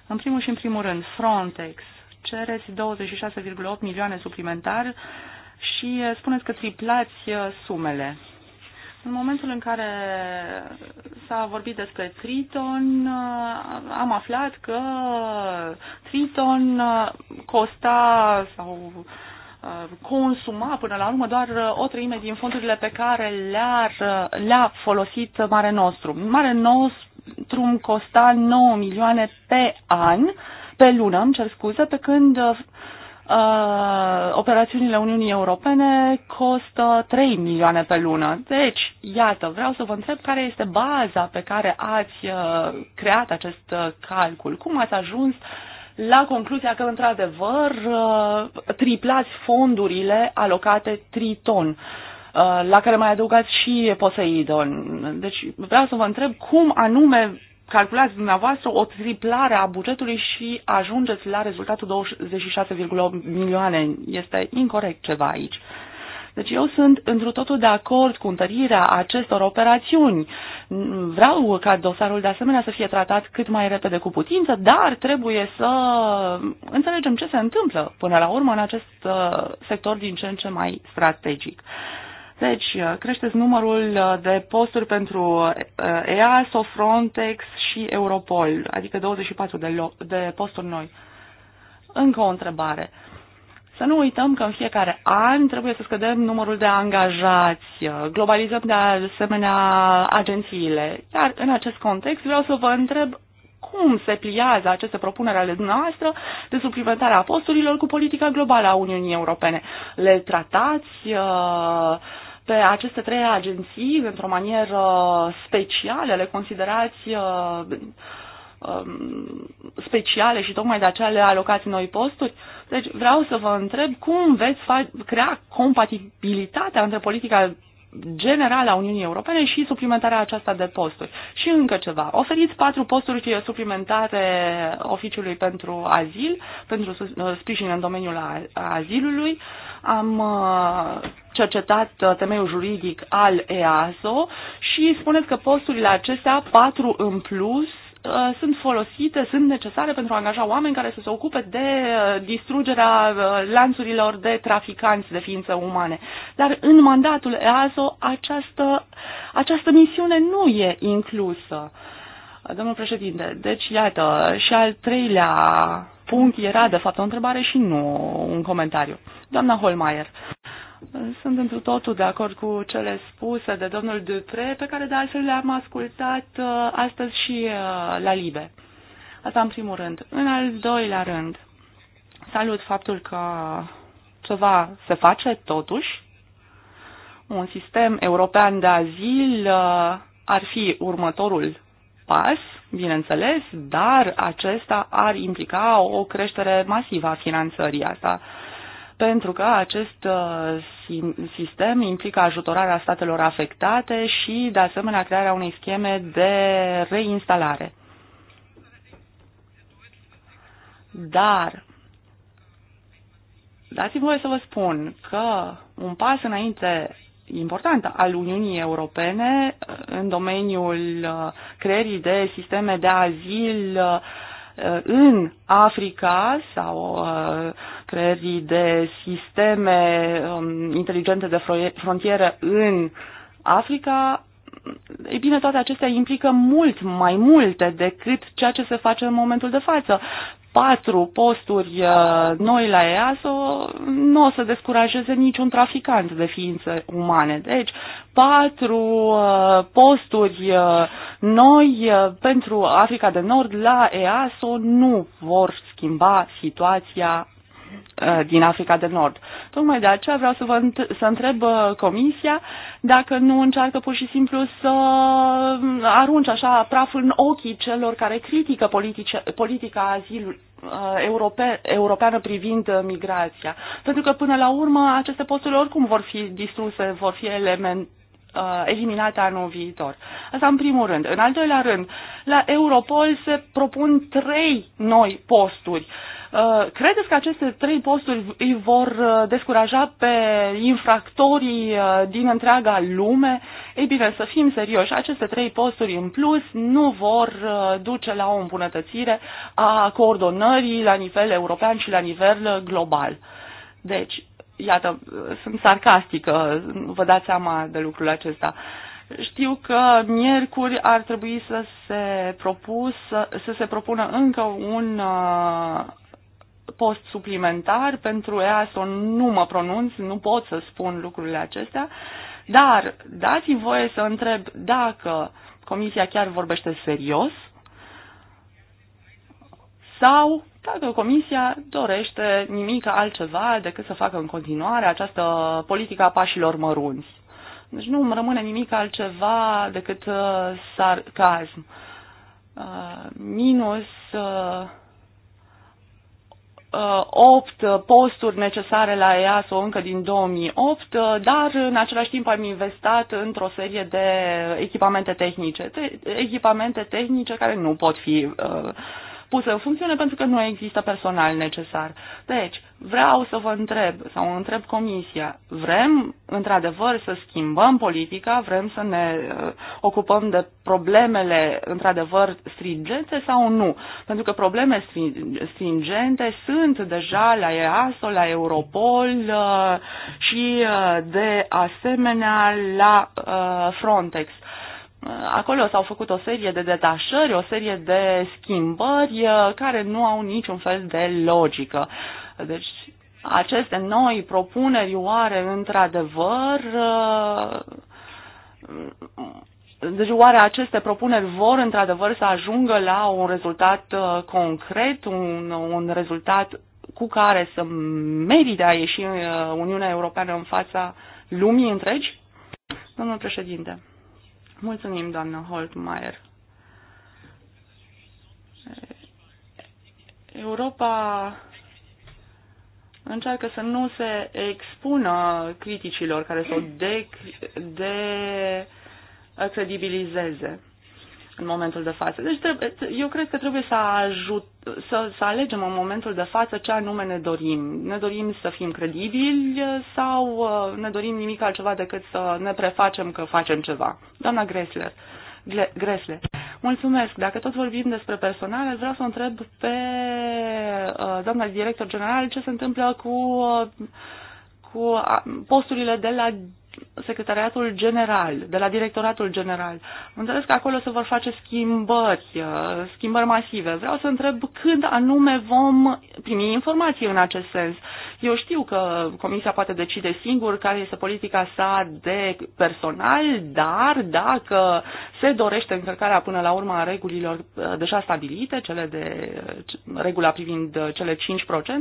În primul și în primul rând, Frontex cereți 26,8 milioane suplimentari și uh, spuneți că triplați uh, sumele. În momentul în care s-a vorbit despre Triton, am aflat că Triton costa sau uh, consuma până la urmă doar o treime din fondurile pe care le-a le folosit Mare nostru. Mare nostru costa 9 milioane pe an, pe lună, îmi cer scuze, pe când uh, operațiunile Uniunii Europene costă 3 milioane pe lună. Deci, iată, vreau să vă întreb care este baza pe care ați uh, creat acest uh, calcul. Cum ați ajuns la concluzia că, într-adevăr, uh, triplați fondurile alocate Triton? Uh, la care mai adăugați și Poseidon. Deci vreau să vă întreb cum anume calculați dumneavoastră o triplare a bugetului și ajungeți la rezultatul 26,8 milioane. Este incorrect ceva aici. Deci eu sunt într totul de acord cu întărirea acestor operațiuni. Vreau ca dosarul de asemenea să fie tratat cât mai repede cu putință, dar trebuie să înțelegem ce se întâmplă până la urmă în acest uh, sector din ce în ce mai strategic. Deci, uh, creșteți numărul uh, de posturi pentru uh, EASO, Frontex și Europol, adică 24 de, de posturi noi. Încă o întrebare. Să nu uităm că în fiecare an trebuie să scădem numărul de angajați, globalizăm de asemenea agențiile. Iar în acest context vreau să vă întreb cum se pliază aceste propuneri ale noastre de suplimentare a posturilor cu politica globală a Uniunii Europene. Le tratați uh, pe aceste trei agenții, într-o manieră specială, le considerați uh, um, speciale și tocmai de aceea le alocați noi posturi. Deci vreau să vă întreb cum veți crea compatibilitatea între politica generală a Uniunii Europene și suplimentarea aceasta de posturi. Și încă ceva. Oferiți patru posturi suplimentare oficiului pentru azil, pentru uh, sprijin în domeniul azilului. Am uh, cercetat uh, temeiul juridic al EASO și spuneți că posturile acestea, patru în plus, Uh, sunt folosite, sunt necesare pentru a angaja oameni care să se ocupe de uh, distrugerea uh, lanțurilor de traficanți de ființe umane. Dar în mandatul EASO această, această misiune nu e inclusă. Domnul președinte, deci iată, și al treilea punct era de fapt o întrebare și nu un comentariu. Doamna Holmeier, sunt întru totul de acord cu cele spuse de domnul Dupre, pe care de altfel le-am ascultat uh, astăzi și uh, la Libe. Asta în primul rând. În al doilea rând, salut faptul că ceva se face totuși. Un sistem european de azil uh, ar fi următorul pas, bineînțeles, dar acesta ar implica o creștere masivă a finanțării. Asta pentru că acest uh, sistem implică ajutorarea statelor afectate și, de asemenea, crearea unei scheme de reinstalare. Dar dați-mi voie să vă spun că un pas înainte important al Uniunii Europene uh, în domeniul uh, creierii de sisteme de azil Uh, în Africa sau uh, creierii de sisteme um, inteligente de frontieră în Africa, ei bine, toate acestea implică mult mai multe decât ceea ce se face în momentul de față patru posturi uh, noi la EASO nu o să descurajeze niciun traficant de ființe umane. Deci, patru uh, posturi uh, noi pentru Africa de Nord la EASO nu vor schimba situația Uh, din Africa de Nord. Tocmai de aceea vreau să, vă, să întreb uh, Comisia dacă nu încearcă pur și simplu să uh, arunce așa praful în ochii celor care critică politice, politica azilului europe, europeană privind migrația. Pentru că, până la urmă, aceste posturi oricum vor fi distruse, vor fi element, eliminate anul viitor. Asta în primul rând. În al doilea rând, la Europol se propun trei noi posturi. Uh, Uh, credeți că aceste trei posturi îi vor uh, descuraja pe infractorii uh, din întreaga lume? Ei bine, să fim serioși, aceste trei posturi în plus nu vor duce la o îmbunătățire a coordonării la nivel european și la nivel global. Deci, iată, sunt sarcastică, vă dați seama de lucrul acesta. Știu că miercuri ar trebui să se, propus, să se propună încă un post suplimentar pentru EASO nu mă pronunț, nu pot să spun lucrurile acestea, dar dați-mi voie să întreb dacă Comisia chiar vorbește serios sau dacă Comisia dorește nimic altceva decât să facă în continuare această politică a pașilor mărunți. Deci nu îmi rămâne nimic altceva decât uh, sarcasm. Uh, minus uh, 8 uh, posturi necesare la EASO încă din 2008, uh, dar în același timp am investat într-o serie de echipamente tehnice. echipamente tehnice care nu pot fi uh, pusă în funcțiune pentru că nu există personal necesar. Deci, vreau să vă întreb sau întreb Comisia, vrem într-adevăr să schimbăm politica, vrem să ne uh, ocupăm de problemele într-adevăr stringente sau nu? Pentru că probleme stringente sunt deja la EASO, la Europol uh, și uh, de asemenea la Frontex. Uh, acolo s-au făcut o serie de detașări, o serie de schimbări uh, care nu au niciun fel de logică. Deci aceste noi propuneri oare într-adevăr uh, deci oare aceste propuneri vor într-adevăr să ajungă la un rezultat concret, un, un rezultat cu care să merite a ieși Uniunea Europeană în fața lumii întregi? Domnul președinte. Mulțumim, doamnă Holtmeier. Europa încearcă să nu se expună criticilor care să o de, de credibilizeze în momentul de față. Deci trebuie, eu cred că trebuie să, ajut, să, să alegem în momentul de față ce anume ne dorim. Ne dorim să fim credibili sau uh, ne dorim nimic altceva decât să ne prefacem că facem ceva. Doamna Gresler. Gresle. Mulțumesc. Dacă tot vorbim despre personal, vreau să întreb pe uh, doamna director general ce se întâmplă cu, uh, cu posturile de la Secretariatul General, de la Directoratul General. Înțeles că acolo se vor face schimbări, uh, schimbări masive. Vreau să întreb când anume vom primi informații în acest sens. Eu știu că Comisia poate decide singur care este politica sa de personal, dar dacă se dorește încălcarea până la urmă a regulilor uh, deja stabilite, cele de uh, regula privind cele 5%,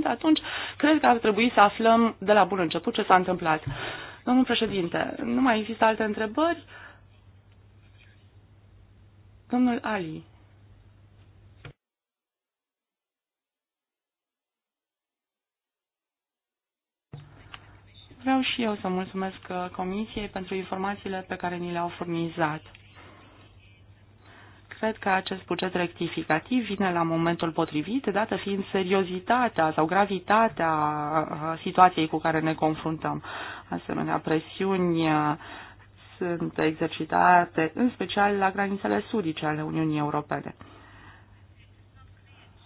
atunci cred că ar trebui să aflăm de la bun început ce s-a întâmplat. Domnul președinte, nu mai există alte întrebări? Domnul Ali. Vreau și eu să mulțumesc uh, Comisiei pentru informațiile pe care ni le-au furnizat. Cred că acest buget rectificativ vine la momentul potrivit, dată fiind seriozitatea sau gravitatea uh, situației cu care ne confruntăm. Asemenea, presiuni uh, sunt exercitate, în special la granițele sudice ale Uniunii Europene.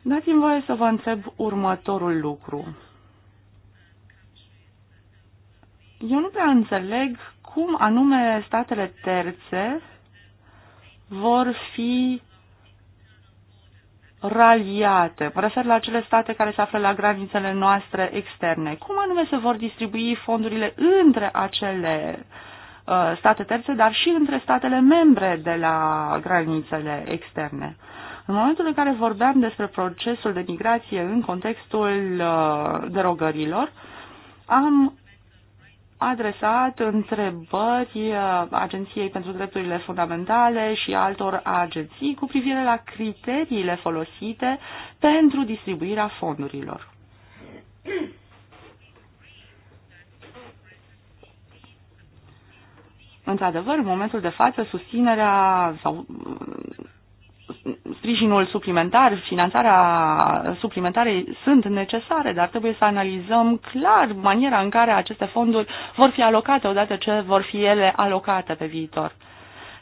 Dați-mi voie să vă întreb următorul lucru. Eu nu prea înțeleg cum anume statele terțe vor fi raliate. Mă refer la acele state care se află la granițele noastre externe. Cum anume se vor distribui fondurile între acele uh, state terțe, dar și între statele membre de la granițele externe? În momentul în care vorbeam despre procesul de migrație în contextul uh, derogărilor, am adresat întrebări uh, Agenției pentru Drepturile Fundamentale și altor agenții cu privire la criteriile folosite pentru distribuirea fondurilor. Într-adevăr, în momentul de față, susținerea sau uh, sprijinul suplimentar, finanțarea suplimentară sunt necesare, dar trebuie să analizăm clar maniera în care aceste fonduri vor fi alocate odată ce vor fi ele alocate pe viitor.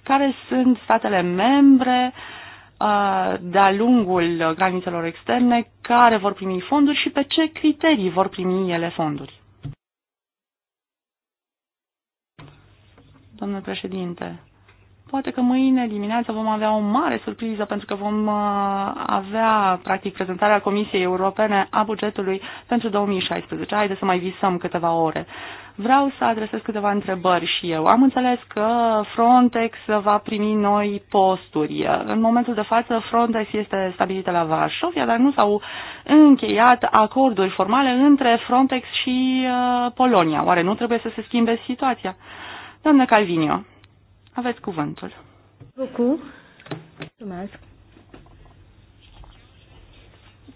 Care sunt statele membre uh, de-a lungul granițelor externe care vor primi fonduri și pe ce criterii vor primi ele fonduri? Domnule președinte, Poate că mâine dimineață vom avea o mare surpriză pentru că vom uh, avea, practic, prezentarea Comisiei Europene a bugetului pentru 2016. Haideți să mai visăm câteva ore. Vreau să adresez câteva întrebări și eu. Am înțeles că Frontex va primi noi posturi. În momentul de față, Frontex este stabilită la Varsovia, dar nu s-au încheiat acorduri formale între Frontex și uh, Polonia. Oare nu trebuie să se schimbe situația? Doamnă Calvinio, aveți cuvântul. Bucu. Mulțumesc.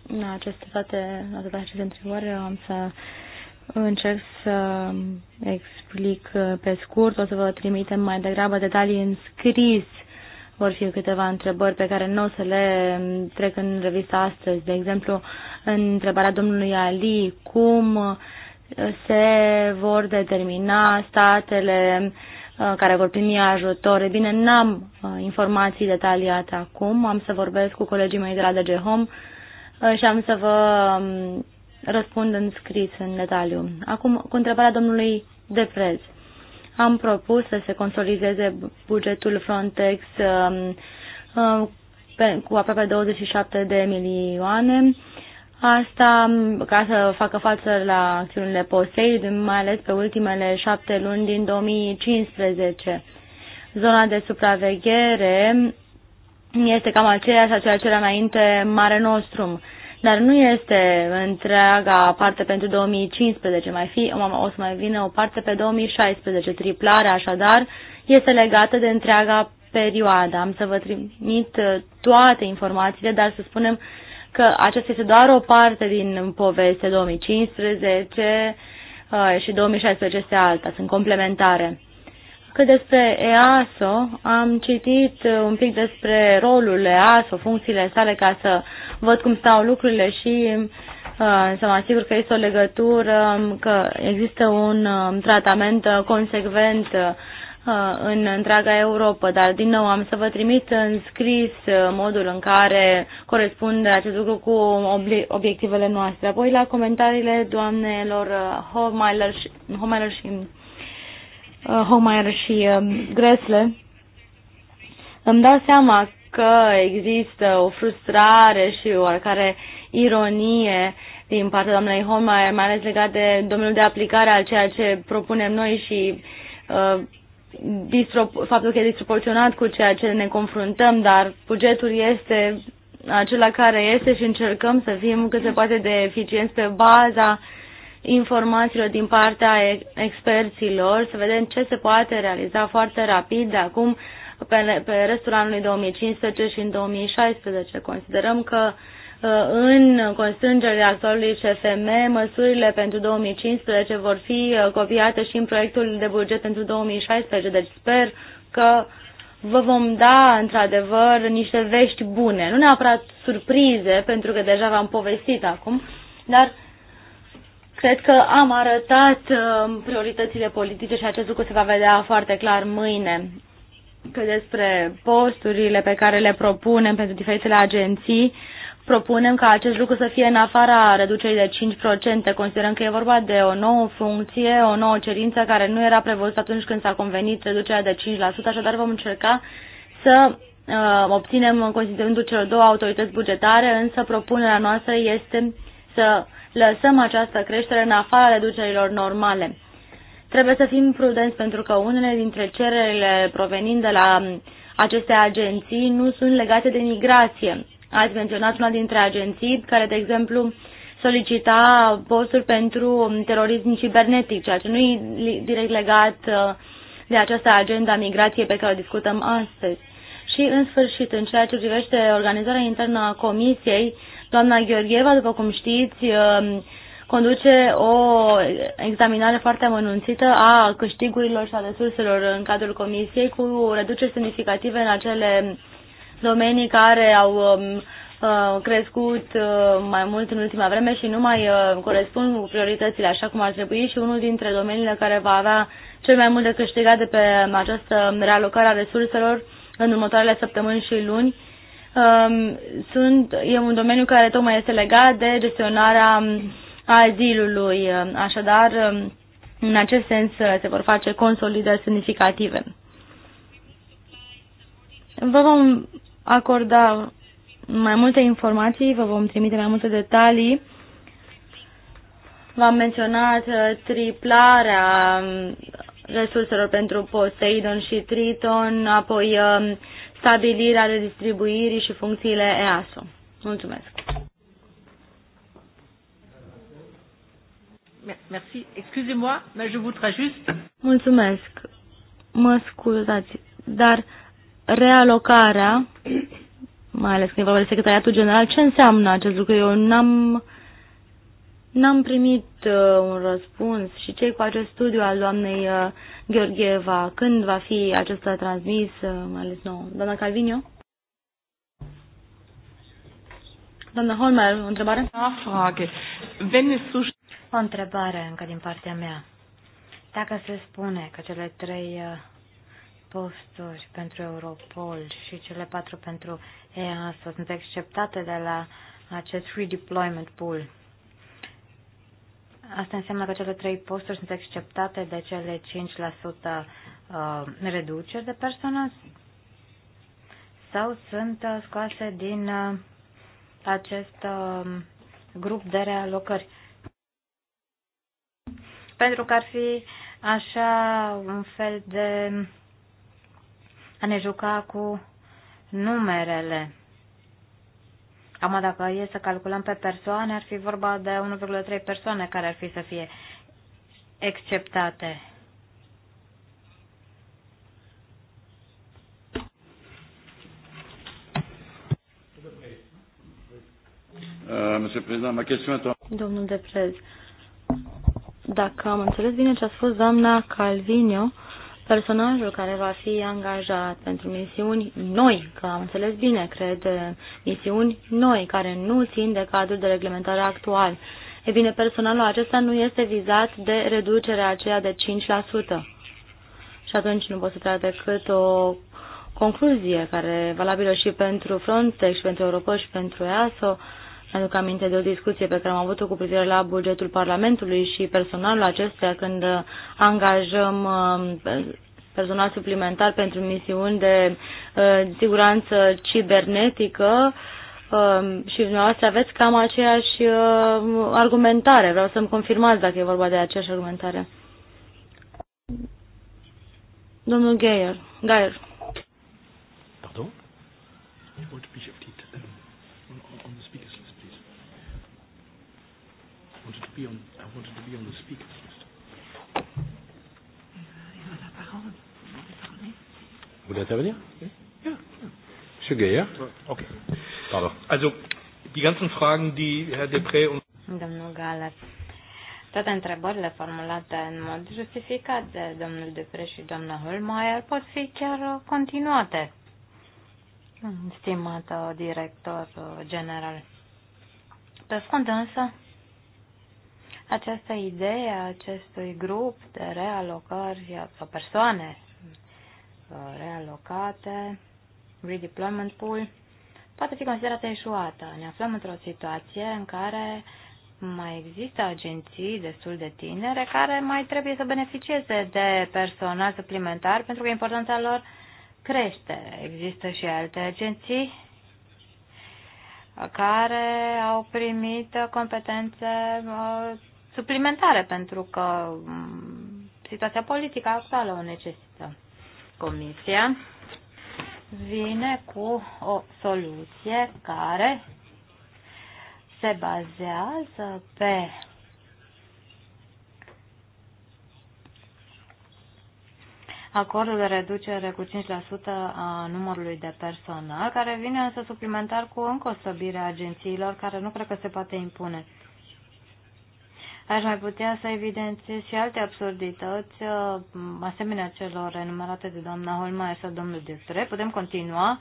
În aceste toate, la toate aceste întrebări am să încerc să explic uh, pe scurt, o să vă trimitem mai degrabă detalii în scris. Vor fi câteva întrebări pe care nu o să le trec în revista astăzi. De exemplu, întrebarea domnului Ali, cum se vor determina statele uh, Uh, care vor primi ajutor. bine, n-am uh, informații detaliate acum, am să vorbesc cu colegii mei de la DG Home uh, și am să vă um, răspund în scris, în detaliu. Acum, cu întrebarea domnului Deprez. Am propus să se consolideze bugetul Frontex um, cu aproape 27 de milioane Asta ca să facă față la acțiunile POSEID, mai ales pe ultimele șapte luni din 2015. Zona de supraveghere este cam aceeași a ceea ce era înainte Mare Nostrum, dar nu este întreaga parte pentru 2015, mai fi, o să mai vină o parte pe 2016, triplarea așadar este legată de întreaga perioadă. Am să vă trimit uh, toate informațiile, dar să spunem că aceasta este doar o parte din poveste 2015 uh, și 2016 este alta, sunt complementare. Că despre EASO, am citit un pic despre rolul EASO, funcțiile sale, ca să văd cum stau lucrurile și uh, să mă asigur că este o legătură, că există un um, tratament consecvent Uh, în întreaga Europa, dar din nou am să vă trimit în scris uh, modul în care corespunde acest lucru cu obiectivele noastre. Apoi la comentariile doamnelor uh, Hohmeiler și, Hohmeiler și, uh, și Gresle, îmi dau seama că există o frustrare și oarecare ironie din partea doamnei Hohmeier, mai ales legat de domeniul de aplicare al ceea ce propunem noi și faptul că e disproporționat cu ceea ce ne confruntăm, dar bugetul este acela care este și încercăm să fim cât se poate de eficienți pe baza informațiilor din partea experților, să vedem ce se poate realiza foarte rapid de acum pe, pe restul anului 2015 și în 2016. Considerăm că uh, Uh, în constrângerea actualului CFM, măsurile pentru 2015 vor fi uh, copiate și în proiectul de buget pentru 2016, deci sper că vă vom da într-adevăr niște vești bune, nu neapărat surprize, pentru că deja v-am povestit acum, dar cred că am arătat uh, prioritățile politice și acest lucru se va vedea foarte clar mâine că despre posturile pe care le propunem pentru diferitele agenții, uh, propunem ca acest lucru să fie în afara reducerii de 5%. Considerăm că e vorba de o nouă funcție, o nouă cerință care nu era prevăzută atunci când s-a convenit reducerea de 5%, așadar vom încerca să uh, obținem considerându celor două autorități bugetare, însă propunerea noastră este să lăsăm această creștere în afara reducerilor normale. Trebuie să fim prudenți pentru că unele dintre cererile provenind de la aceste agenții nu sunt legate de migrație Ați menționat una dintre agenții care, de exemplu, solicita posturi pentru terorism cibernetic, ceea ce nu e direct legat uh, de această agenda migrației pe care o discutăm astăzi. Și, în sfârșit, în ceea ce privește organizarea internă a Comisiei, doamna Gheorgheva, după cum știți, um, conduce o examinare foarte amănunțită a câștigurilor și a resurselor în cadrul Comisiei, cu reduceri semnificative în acele domenii care au um, uh, crescut uh, mai mult în ultima vreme și nu mai uh, corespund cu prioritățile așa cum ar trebui și unul dintre domeniile care va avea cel mai mult de câștigat de pe această realocare a resurselor în următoarele săptămâni și luni um, sunt, e un domeniu care tocmai este legat de gestionarea um, azilului. Așadar, în acest sens se vor face consolidări semnificative. Vă vom acorda mai multe informații, vă vom trimite mai multe detalii. V-am menționat uh, triplarea um, resurselor pentru Poseidon și Triton, apoi um, stabilirea redistribuirii și funcțiile EASO. Mulțumesc! Merci. Excusez-moi, mais je voudrais juste... Mulțumesc. Mă scuzați, dar realocarea, mai ales când e vorba de secretariatul general, ce înseamnă acest lucru? Eu n-am, n-am primit uh, un răspuns și cei cu acest studiu al doamnei uh, Gheorgheva, când va fi acesta transmis, uh, mai ales nou? Doamna Calvinio? Doamna Holmer, o întrebare? Da, o întrebare încă din partea mea. Dacă se spune că cele trei uh, posturi pentru Europol și cele patru pentru EASA sunt acceptate de la acest redeployment pool. Asta înseamnă că cele trei posturi sunt acceptate de cele 5% uh, reduceri de personal sau sunt uh, scoase din uh, acest um, grup de realocări. Pentru că ar fi așa un fel de a ne juca cu numerele. Acum, dacă e să calculăm pe persoane, ar fi vorba de 1,3 persoane care ar fi să fie exceptate. Uh, Domnul Deprez, dacă am înțeles bine ce a spus doamna Calvinio, personajul care va fi angajat pentru misiuni noi, că am înțeles bine, cred, misiuni noi, care nu țin de cadrul de reglementare actual. E bine, personalul acesta nu este vizat de reducerea aceea de 5%. Și atunci nu pot să trag decât o concluzie care e valabilă și pentru Frontex, și pentru Europa, și pentru EASO, aduc aminte de o discuție pe care am avut-o cu privire la bugetul Parlamentului și personalul acestuia când uh, angajăm uh, personal suplimentar pentru misiuni de uh, siguranță cibernetică um, și dumneavoastră aveți cam aceeași argumentare. Vreau să-mi confirmați dacă e vorba de aceeași argumentare. Domnul Geier. Geier. Pardon? on, the speakers list, please. I wanted to be on, I wanted to be on the speakers list. Vous voulez intervenir? Okay. Pardon. Also, die ganzen Fragen, die Herr Depré und. Domnul Galas. Toate întrebările formulate în mod justificat de domnul Depre și doamna Holmeier pot fi chiar continuate stimată director uh, general. Pe fond însă, această idee a acestui grup de realocări sau persoane uh, realocate, redeployment pool, poate fi considerată eșuată. Ne aflăm într-o situație în care mai există agenții destul de tinere care mai trebuie să beneficieze de personal suplimentar pentru că importanța lor crește. Există și alte agenții care au primit competențe uh, suplimentare pentru că mm, situația politică actuală o necesită. Comisia vine cu o soluție care se bazează pe acordul de reducere cu 5% a numărului de personal, care vine însă suplimentar cu încă o slăbire a agențiilor, care nu cred că se poate impune. Aș mai putea să evidențiez și alte absurdități, uh, asemenea celor enumerate de doamna Holmaier sau domnul Destre. Putem continua,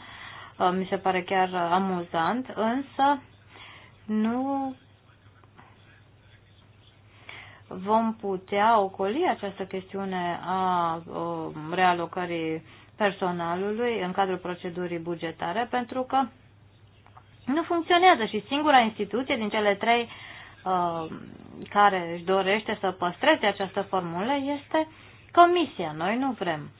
uh, mi se pare chiar amuzant, însă nu vom putea ocoli această chestiune a realocării personalului în cadrul procedurii bugetare, pentru că nu funcționează și singura instituție din cele trei care își dorește să păstreze această formulă este Comisia. Noi nu vrem.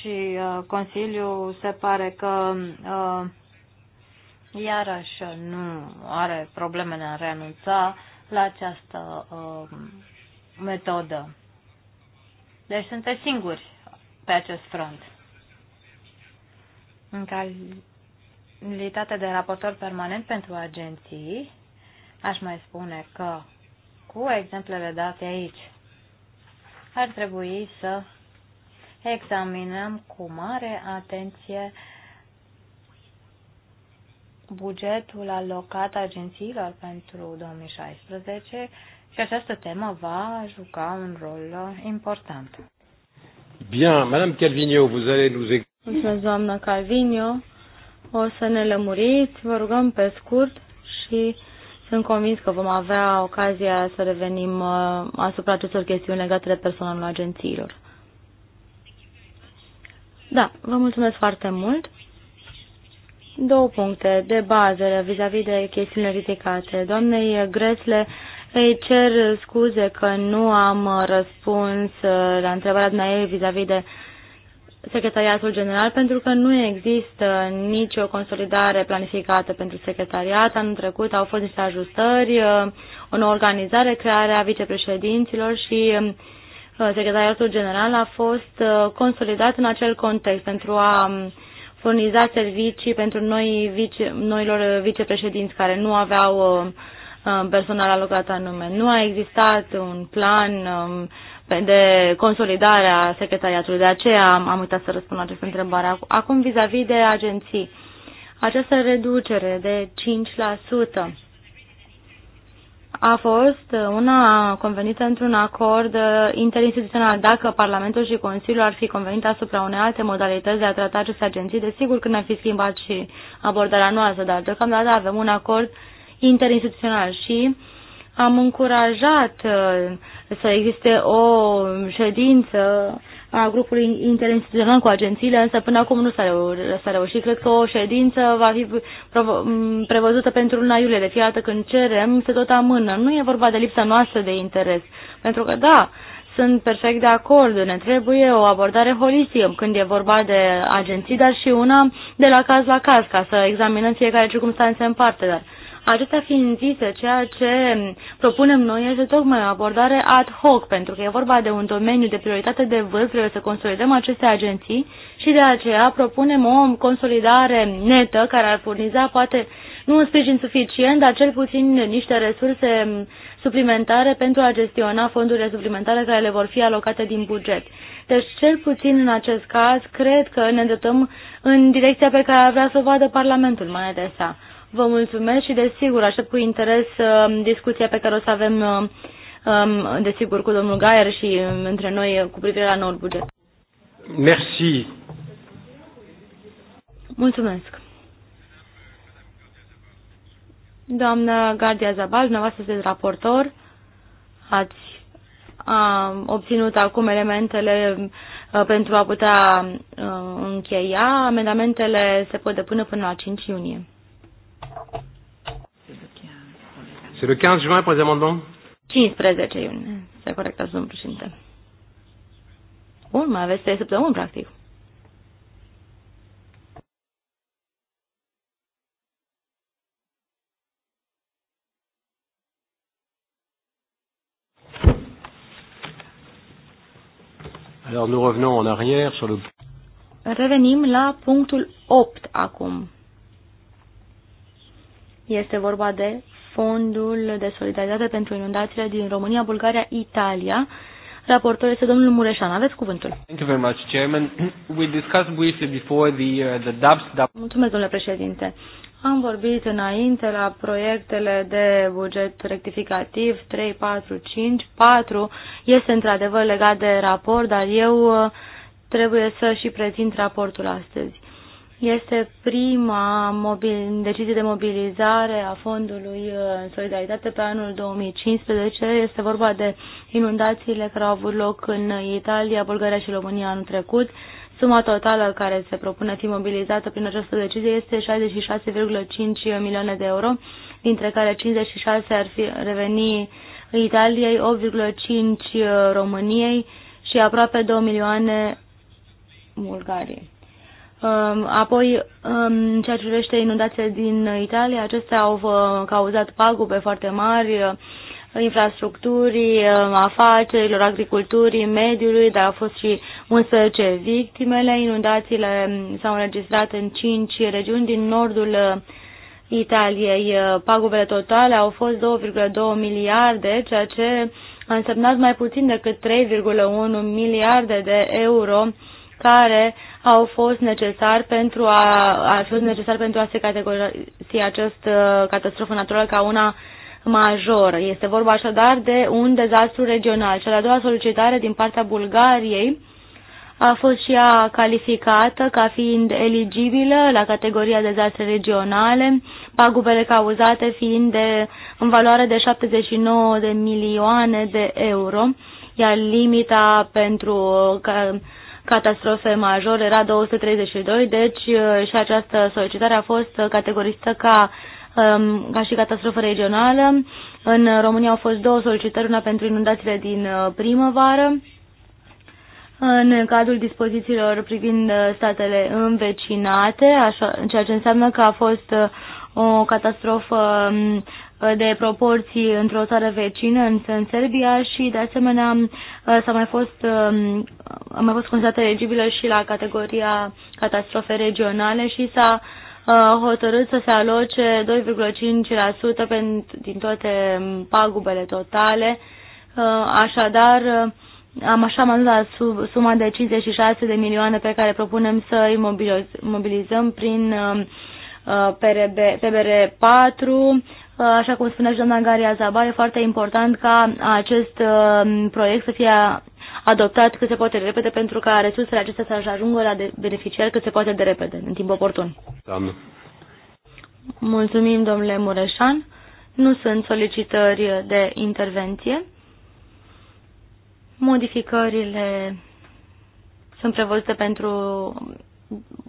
Și uh, Consiliul se pare că uh, iarăși nu are probleme în a renunța la această uh, metodă. Deci sunteți singuri pe acest front. În calitate de raportor permanent pentru agenții, aș mai spune că cu exemplele date aici ar trebui să examinăm cu mare atenție uh, bugetul alocat agențiilor pentru 2016 și această temă va juca un rol uh, important. Bien, Madame Calvinio, vous allez nous Mulțumesc, doamna Calvinio. O să ne lămuriți, vă rugăm pe scurt și sunt convins că vom avea ocazia să revenim uh, asupra acestor chestiuni legate de personalul agențiilor. Da, vă mulțumesc foarte mult două puncte de bază vis-a-vis -vis de chestiunile ridicate. Doamnei Gresle, îi cer scuze că nu am răspuns la întrebarea dumneavoastră vis-a-vis de Secretariatul General pentru că nu există nicio consolidare planificată pentru secretariat. Anul trecut au fost niște ajustări, o nouă organizare, crearea vicepreședinților și um, secretariatul general a fost uh, consolidat în acel context pentru a um, furniza servicii pentru noi vice, noilor vicepreședinți care nu aveau uh, uh, personal alocat anume. Nu a existat un plan um, de consolidare a secretariatului, de aceea am uitat să răspund la această întrebare. Acum, vis-a-vis -vis de agenții, această reducere de 5% a fost una convenită într-un acord interinstituțional. Dacă Parlamentul și Consiliul ar fi convenit asupra unei alte modalități de a trata aceste agenții, desigur că ne-ar fi schimbat și abordarea noastră, dar deocamdată avem un acord interinstituțional și am încurajat uh, să existe o ședință a grupului interinstituțional cu agențiile, însă până acum nu s-a, reu- reușit. Cred că o ședință va fi prevăzută pentru luna iulie. De deci fiecare dată când cerem, se tot amână. Nu e vorba de lipsa noastră de interes. Pentru că, da, sunt perfect de acord, ne trebuie o abordare holistică când e vorba de agenții, dar și una de la caz la caz, ca să examinăm fiecare circunstanță în parte. Dar Acestea fiind zise, ceea ce propunem noi este tocmai o abordare ad hoc, pentru că e vorba de un domeniu de prioritate de vârf, trebuie să consolidăm aceste agenții și de aceea propunem o consolidare netă care ar furniza poate nu un sprijin suficient, dar cel puțin niște resurse suplimentare pentru a gestiona fondurile suplimentare care le vor fi alocate din buget. Deci, cel puțin în acest caz, cred că ne îndreptăm în direcția pe care ar vrea să o vadă Parlamentul mai adesea. Vă mulțumesc și desigur aștept cu interes um, discuția pe care o să avem um, um, desigur cu domnul Gaier și între noi cu privire la noul buget. Merci. Mulțumesc. Doamna Gardia Zabal, dumneavoastră sunteți raportor, ați a, obținut acum elementele a, uh, pentru a putea a, uh, încheia. Amendamentele se pot depune până la 5 iunie. C'est le 15 juin, pour les amendements 15 juin, c'est se corectează domnul președinte. Bun, mai aveți 3 săptămâni, practic. Alors nous revenons en arrière sur le Revenim la punctul 8 acum. Este vorba de Fondul de Solidaritate pentru Inundațiile din România, Bulgaria, Italia. Raportor este domnul Mureșan. Aveți cuvântul. Thank you very much, Chairman. We discussed briefly before the, uh, the DAPS. Mulțumesc, domnule președinte. Am vorbit înainte la proiectele de buget rectificativ 3, 4, 5. 4 este într-adevăr legat de raport, dar eu uh, trebuie să și prezint raportul astăzi. Este prima mobil, decizie de mobilizare a fondului uh, în solidaritate pe anul 2015. Este vorba de inundațiile care au avut loc în Italia, Bulgaria și România anul trecut. Suma totală care se propune fi mobilizată prin această decizie este 66,5 milioane de euro, dintre care 56 ar fi reveni Italiei, 8,5 României și aproape 2 milioane Bulgariei. Um, apoi, um, în ceea ce privește inundațiile din Italia, acestea au uh, cauzat pagube foarte mari uh, infrastructurii, uh, afacerilor, agriculturii, mediului, dar au fost și 11 victimele. Inundațiile s-au înregistrat în 5 regiuni din nordul Italiei. Pagubele totale au fost 2,2 miliarde, ceea ce a însemnat mai puțin decât 3,1 miliarde de euro care au fost necesar pentru a, a fost necesar pentru a se si această uh, catastrofă naturală ca una majoră. Este vorba așadar de un dezastru regional. Cea de-a doua solicitare din partea Bulgariei a fost și ea calificată ca fiind eligibilă la categoria dezastre regionale, pagubele cauzate fiind de, în valoare de 79 de milioane de euro, iar limita pentru uh, catastrofe majore era 232, deci uh, și această solicitare a fost categorizată ca um, ca și catastrofă regională. În România au fost două solicitări, una pentru inundațiile din uh, primăvară, în cadrul dispozițiilor privind uh, statele învecinate, așa, ceea ce înseamnă că a fost o catastrofă um, Uh, de proporții într-o țară vecină, însă în Serbia și de asemenea uh, s-a mai fost, um, a mai fost considerată elegibilă și la categoria catastrofe regionale și s-a uh, hotărât să se aloce 2,5% din toate um, pagubele totale. Așadar, am așa am la sub, suma de 56 de milioane pe care propunem să îi mobilizăm prin um, PRB, PBR4, Uh, așa cum spunea și doamna Garia Zabar, e foarte important ca acest uh, proiect să fie adoptat cât se poate de repede pentru ca resursele acestea să ajungă la beneficiari cât se poate de repede, în timp oportun. Doamnă. Mulțumim, domnule Mureșan. Nu sunt solicitări de intervenție. Modificările sunt prevăzute pentru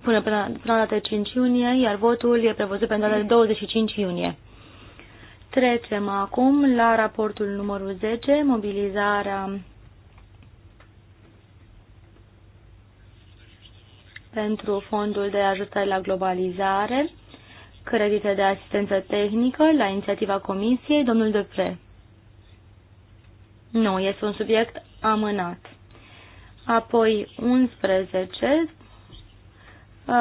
până, până, până la data 5 iunie, iar votul e prevăzut pentru data 25 iunie. Trecem acum la raportul numărul 10, mobilizarea pentru Fondul de Ajutare la Globalizare, credite de asistență tehnică la inițiativa Comisiei, domnul Depre. Nu, este un subiect amânat. Apoi 11,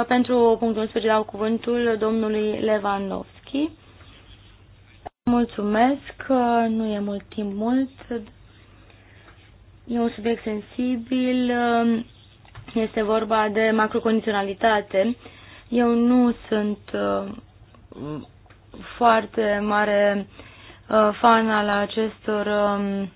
pentru punctul 11 dau cuvântul domnului Lewandowski Mulțumesc, nu e mult timp mult. E un subiect sensibil, este vorba de macrocondiționalitate. Eu nu sunt uh, foarte mare uh, fan al acestor um,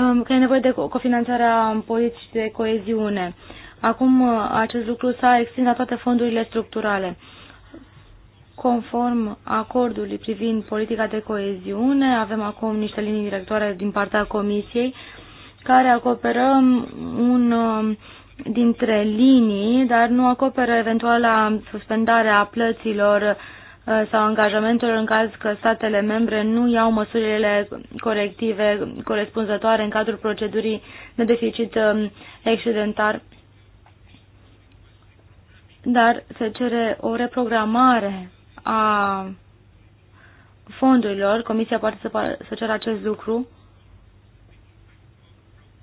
um, că e nevoie de cofinanțarea politicii de coeziune. Acum uh, acest lucru s-a extins la toate fondurile structurale. Conform acordului privind politica de coeziune, avem acum niște linii directoare din partea Comisiei care acoperă un um, dintre linii, dar nu acoperă eventuala suspendare a plăților uh, sau angajamentelor în caz că statele membre nu iau măsurile corective corespunzătoare în cadrul procedurii de deficit um, excedentar. Dar se cere o reprogramare a fondurilor, Comisia poate să, să ceră acest lucru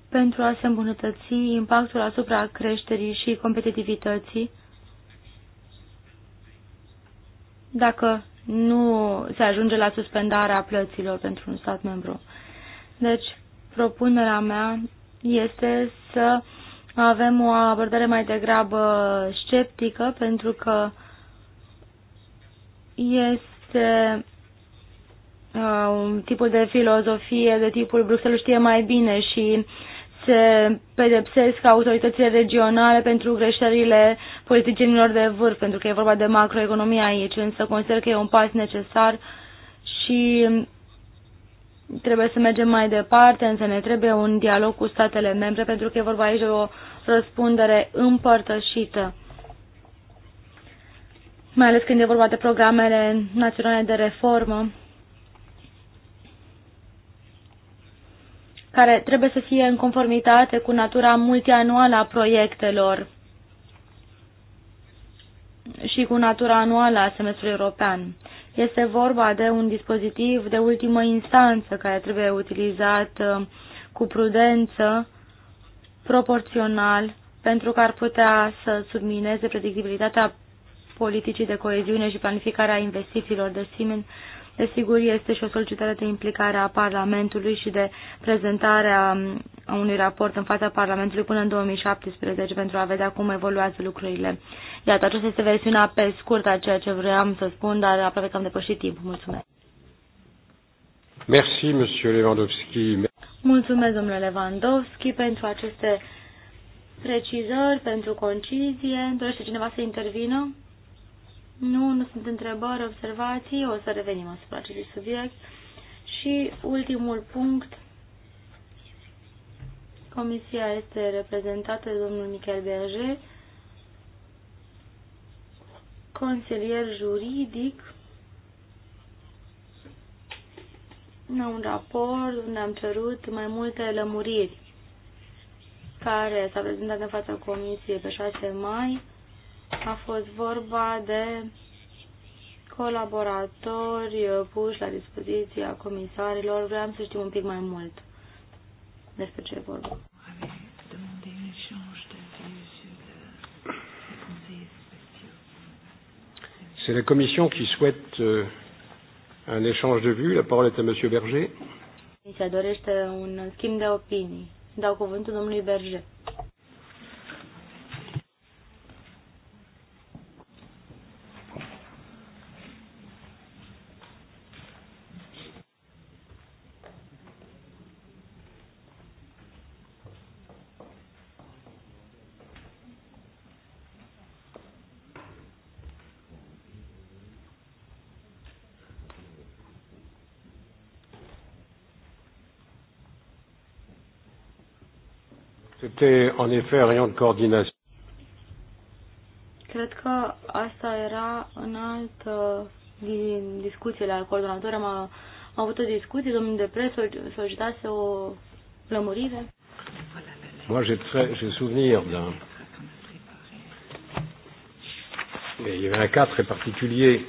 pentru a se îmbunătăți impactul asupra creșterii și competitivității. Dacă nu se ajunge la suspendarea plăților pentru un stat membru. Deci, propunerea mea este să avem o abordare mai degrabă sceptică, pentru că este uh, un tipul de filozofie de tipul Bruxelles știe mai bine și se pedepsesc autoritățile regionale pentru greșelile politicienilor de vârf, pentru că e vorba de macroeconomie aici, însă consider că e un pas necesar și trebuie să mergem mai departe, însă ne trebuie un dialog cu statele membre, pentru că e vorba aici de o răspundere împărtășită mai ales când e vorba de programele naționale de reformă, care trebuie să fie în conformitate cu natura multianuală a proiectelor și cu natura anuală a semestrului european. Este vorba de un dispozitiv de ultimă instanță care trebuie utilizat uh, cu prudență, proporțional, pentru că ar putea să submineze predictibilitatea politicii de coeziune și planificarea investițiilor de simen, desigur, este și o solicitare de implicare a Parlamentului și de prezentarea a unui raport în fața Parlamentului până în 2017 pentru a vedea cum evoluează lucrurile. Iată, aceasta este versiunea pe scurt a ceea ce vreau să spun, dar aproape că am depășit timp. Mulțumesc. Merci, monsieur Lewandowski. Mulțumesc, domnule Lewandowski, pentru aceste precizări, pentru concizie. Dorește cineva să intervină? Nu, nu sunt întrebări, observații, o să revenim asupra acestui subiect. Și ultimul punct, comisia este reprezentată de domnul Michel Berger, consilier juridic, la un raport unde am cerut mai multe lămuriri care s-a prezentat în fața comisiei pe 6 mai a fost vorba de colaboratori puși la dispoziția comisarilor. Vreau să știm un pic mai mult despre ce e vorba. C'est la Commission qui souhaite euh, un échange de vues. La parole est à Monsieur Berger. Comisia dorește un schimb de le cadre de Monsieur Berger. était en effet un rayon de coordination. Cred că asta era în altă din discuție la coordonator. Am, am avut o discuție, domnul de Depre solicitase o lămurire. Moi, j'ai très, j'ai souvenir d'un. Mais Il y avait un cas très particulier.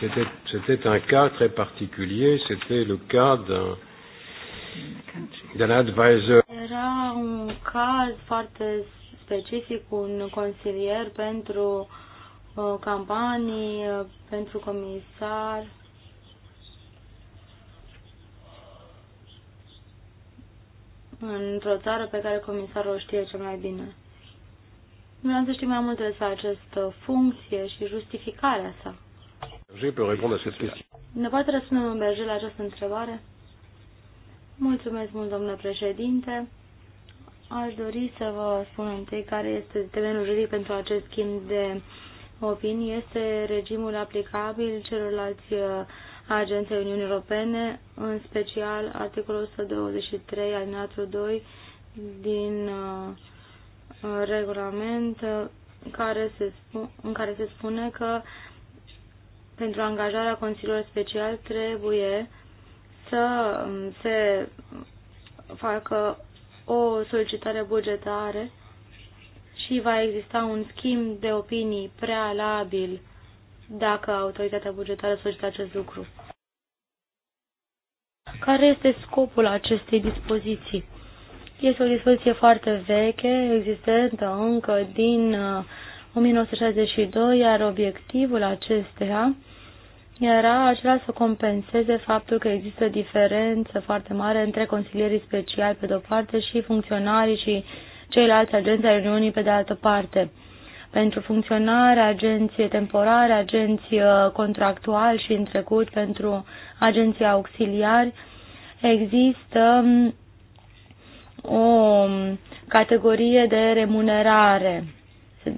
C'était, c'était un cas très particulier. C'était le cas d'un era un caz foarte specific, un consilier pentru uh, campanii, uh, pentru comisar. într-o țară pe care comisarul o știe cel mai bine. Vreau să știu mai multe despre această funcție și justificarea sa. Ne poate răspunde un Berger la această întrebare? Mulțumesc mult, domnule președinte. Aș dori să vă spun întâi care este termenul juridic pentru acest schimb de opinii. Este regimul aplicabil celorlalți uh, agenții Uniunii Europene, în special articolul 123 alineatul 2 din uh, regulament uh, care se spune, în care se spune că pentru angajarea Consiliului Special trebuie să um, se facă o solicitare bugetare și va exista un schimb de opinii prealabil dacă autoritatea bugetară solicită acest lucru. Care este scopul acestei dispoziții? Este o dispoziție foarte veche, existentă încă din 1962, uh, iar obiectivul acesteia era acela să compenseze faptul că există diferență foarte mare între consilierii speciali pe de-o parte și funcționarii și ceilalți agenți ai Uniunii pe de altă parte. Pentru funcționare, agenție temporare, agenție uh, contractual și în trecut pentru agenții auxiliari, există um, o um, categorie de remunerare.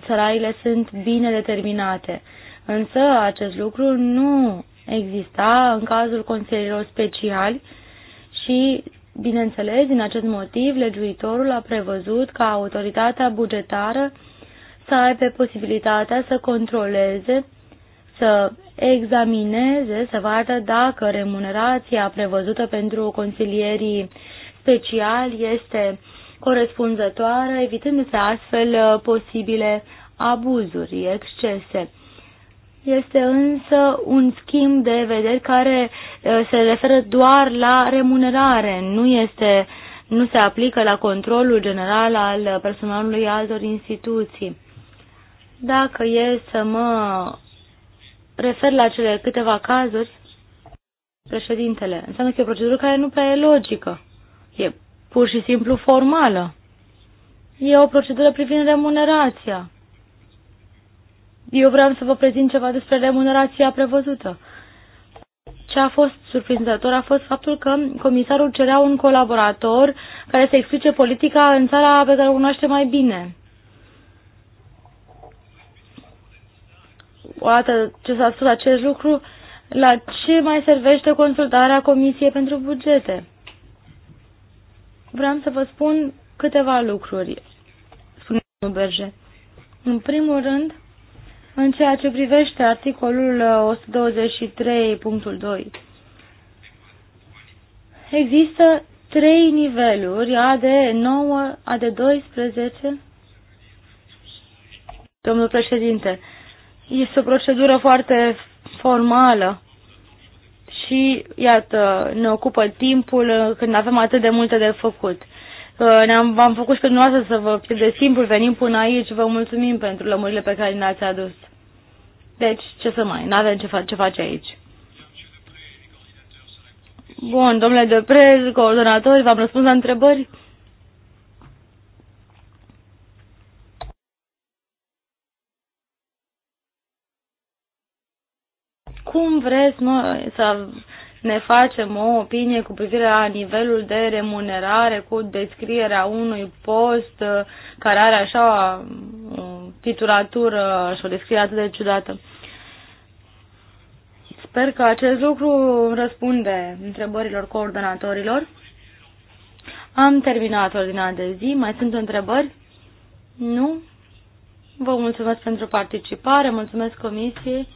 Săraiile sunt bine determinate Însă acest lucru nu exista în cazul consilierilor speciali și, bineînțeles, din acest motiv, legiuitorul a prevăzut ca autoritatea bugetară să aibă posibilitatea să controleze, să examineze, să vadă dacă remunerația prevăzută pentru consilierii speciali este corespunzătoare, evitându-se astfel uh, posibile abuzuri, excese. Este însă un schimb de vederi care uh, se referă doar la remunerare, nu, este, nu se aplică la controlul general al personalului altor instituții. Dacă e să mă refer la cele câteva cazuri, președintele, înseamnă că e o procedură care nu prea e logică. E pur și simplu formală. E o procedură privind remunerația eu vreau să vă prezint ceva despre remunerația prevăzută. Ce a fost surprinzător a fost faptul că comisarul cerea un colaborator care să explice politica în țara pe care o cunoaște mai bine. O dată ce s-a spus acest lucru, la ce mai servește consultarea Comisiei pentru Bugete? Vreau să vă spun câteva lucruri, spune Berge. În primul rând, în ceea ce privește articolul 123.2, uh, există trei niveluri, A de 9, A de 12. Domnul președinte, este o procedură foarte formală și, iată, ne ocupă timpul uh, când avem atât de multe de făcut. Uh, ne-am, am făcut și pe dumneavoastră să vă pierdeți timpul, venim până aici, vă mulțumim pentru lămurile pe care ne-ați adus. Deci, ce să mai, n-avem ce, fa- ce face aici. Bun, domnule de prez, coordonatori, v-am răspuns la întrebări? Cum vreți noi să ne facem o opinie cu privire la nivelul de remunerare, cu descrierea unui post uh, care are așa o uh, titulatură și o descriere atât de ciudată. Sper că acest lucru răspunde întrebărilor coordonatorilor. Am terminat ordinea de zi. Mai sunt întrebări? Nu? Vă mulțumesc pentru participare, mulțumesc comisiei.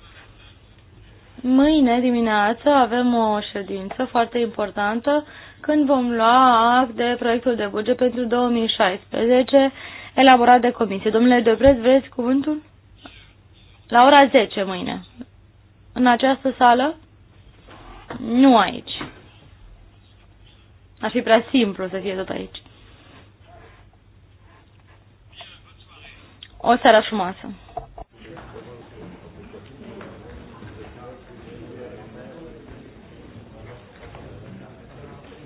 Mâine dimineață avem o ședință foarte importantă când vom lua act de proiectul de buget pentru 2016 elaborat de comisie. Domnule Debret, vreți cuvântul? La ora 10 mâine. În această sală? Nu aici. Ar fi prea simplu să fie tot aici. O seară frumoasă!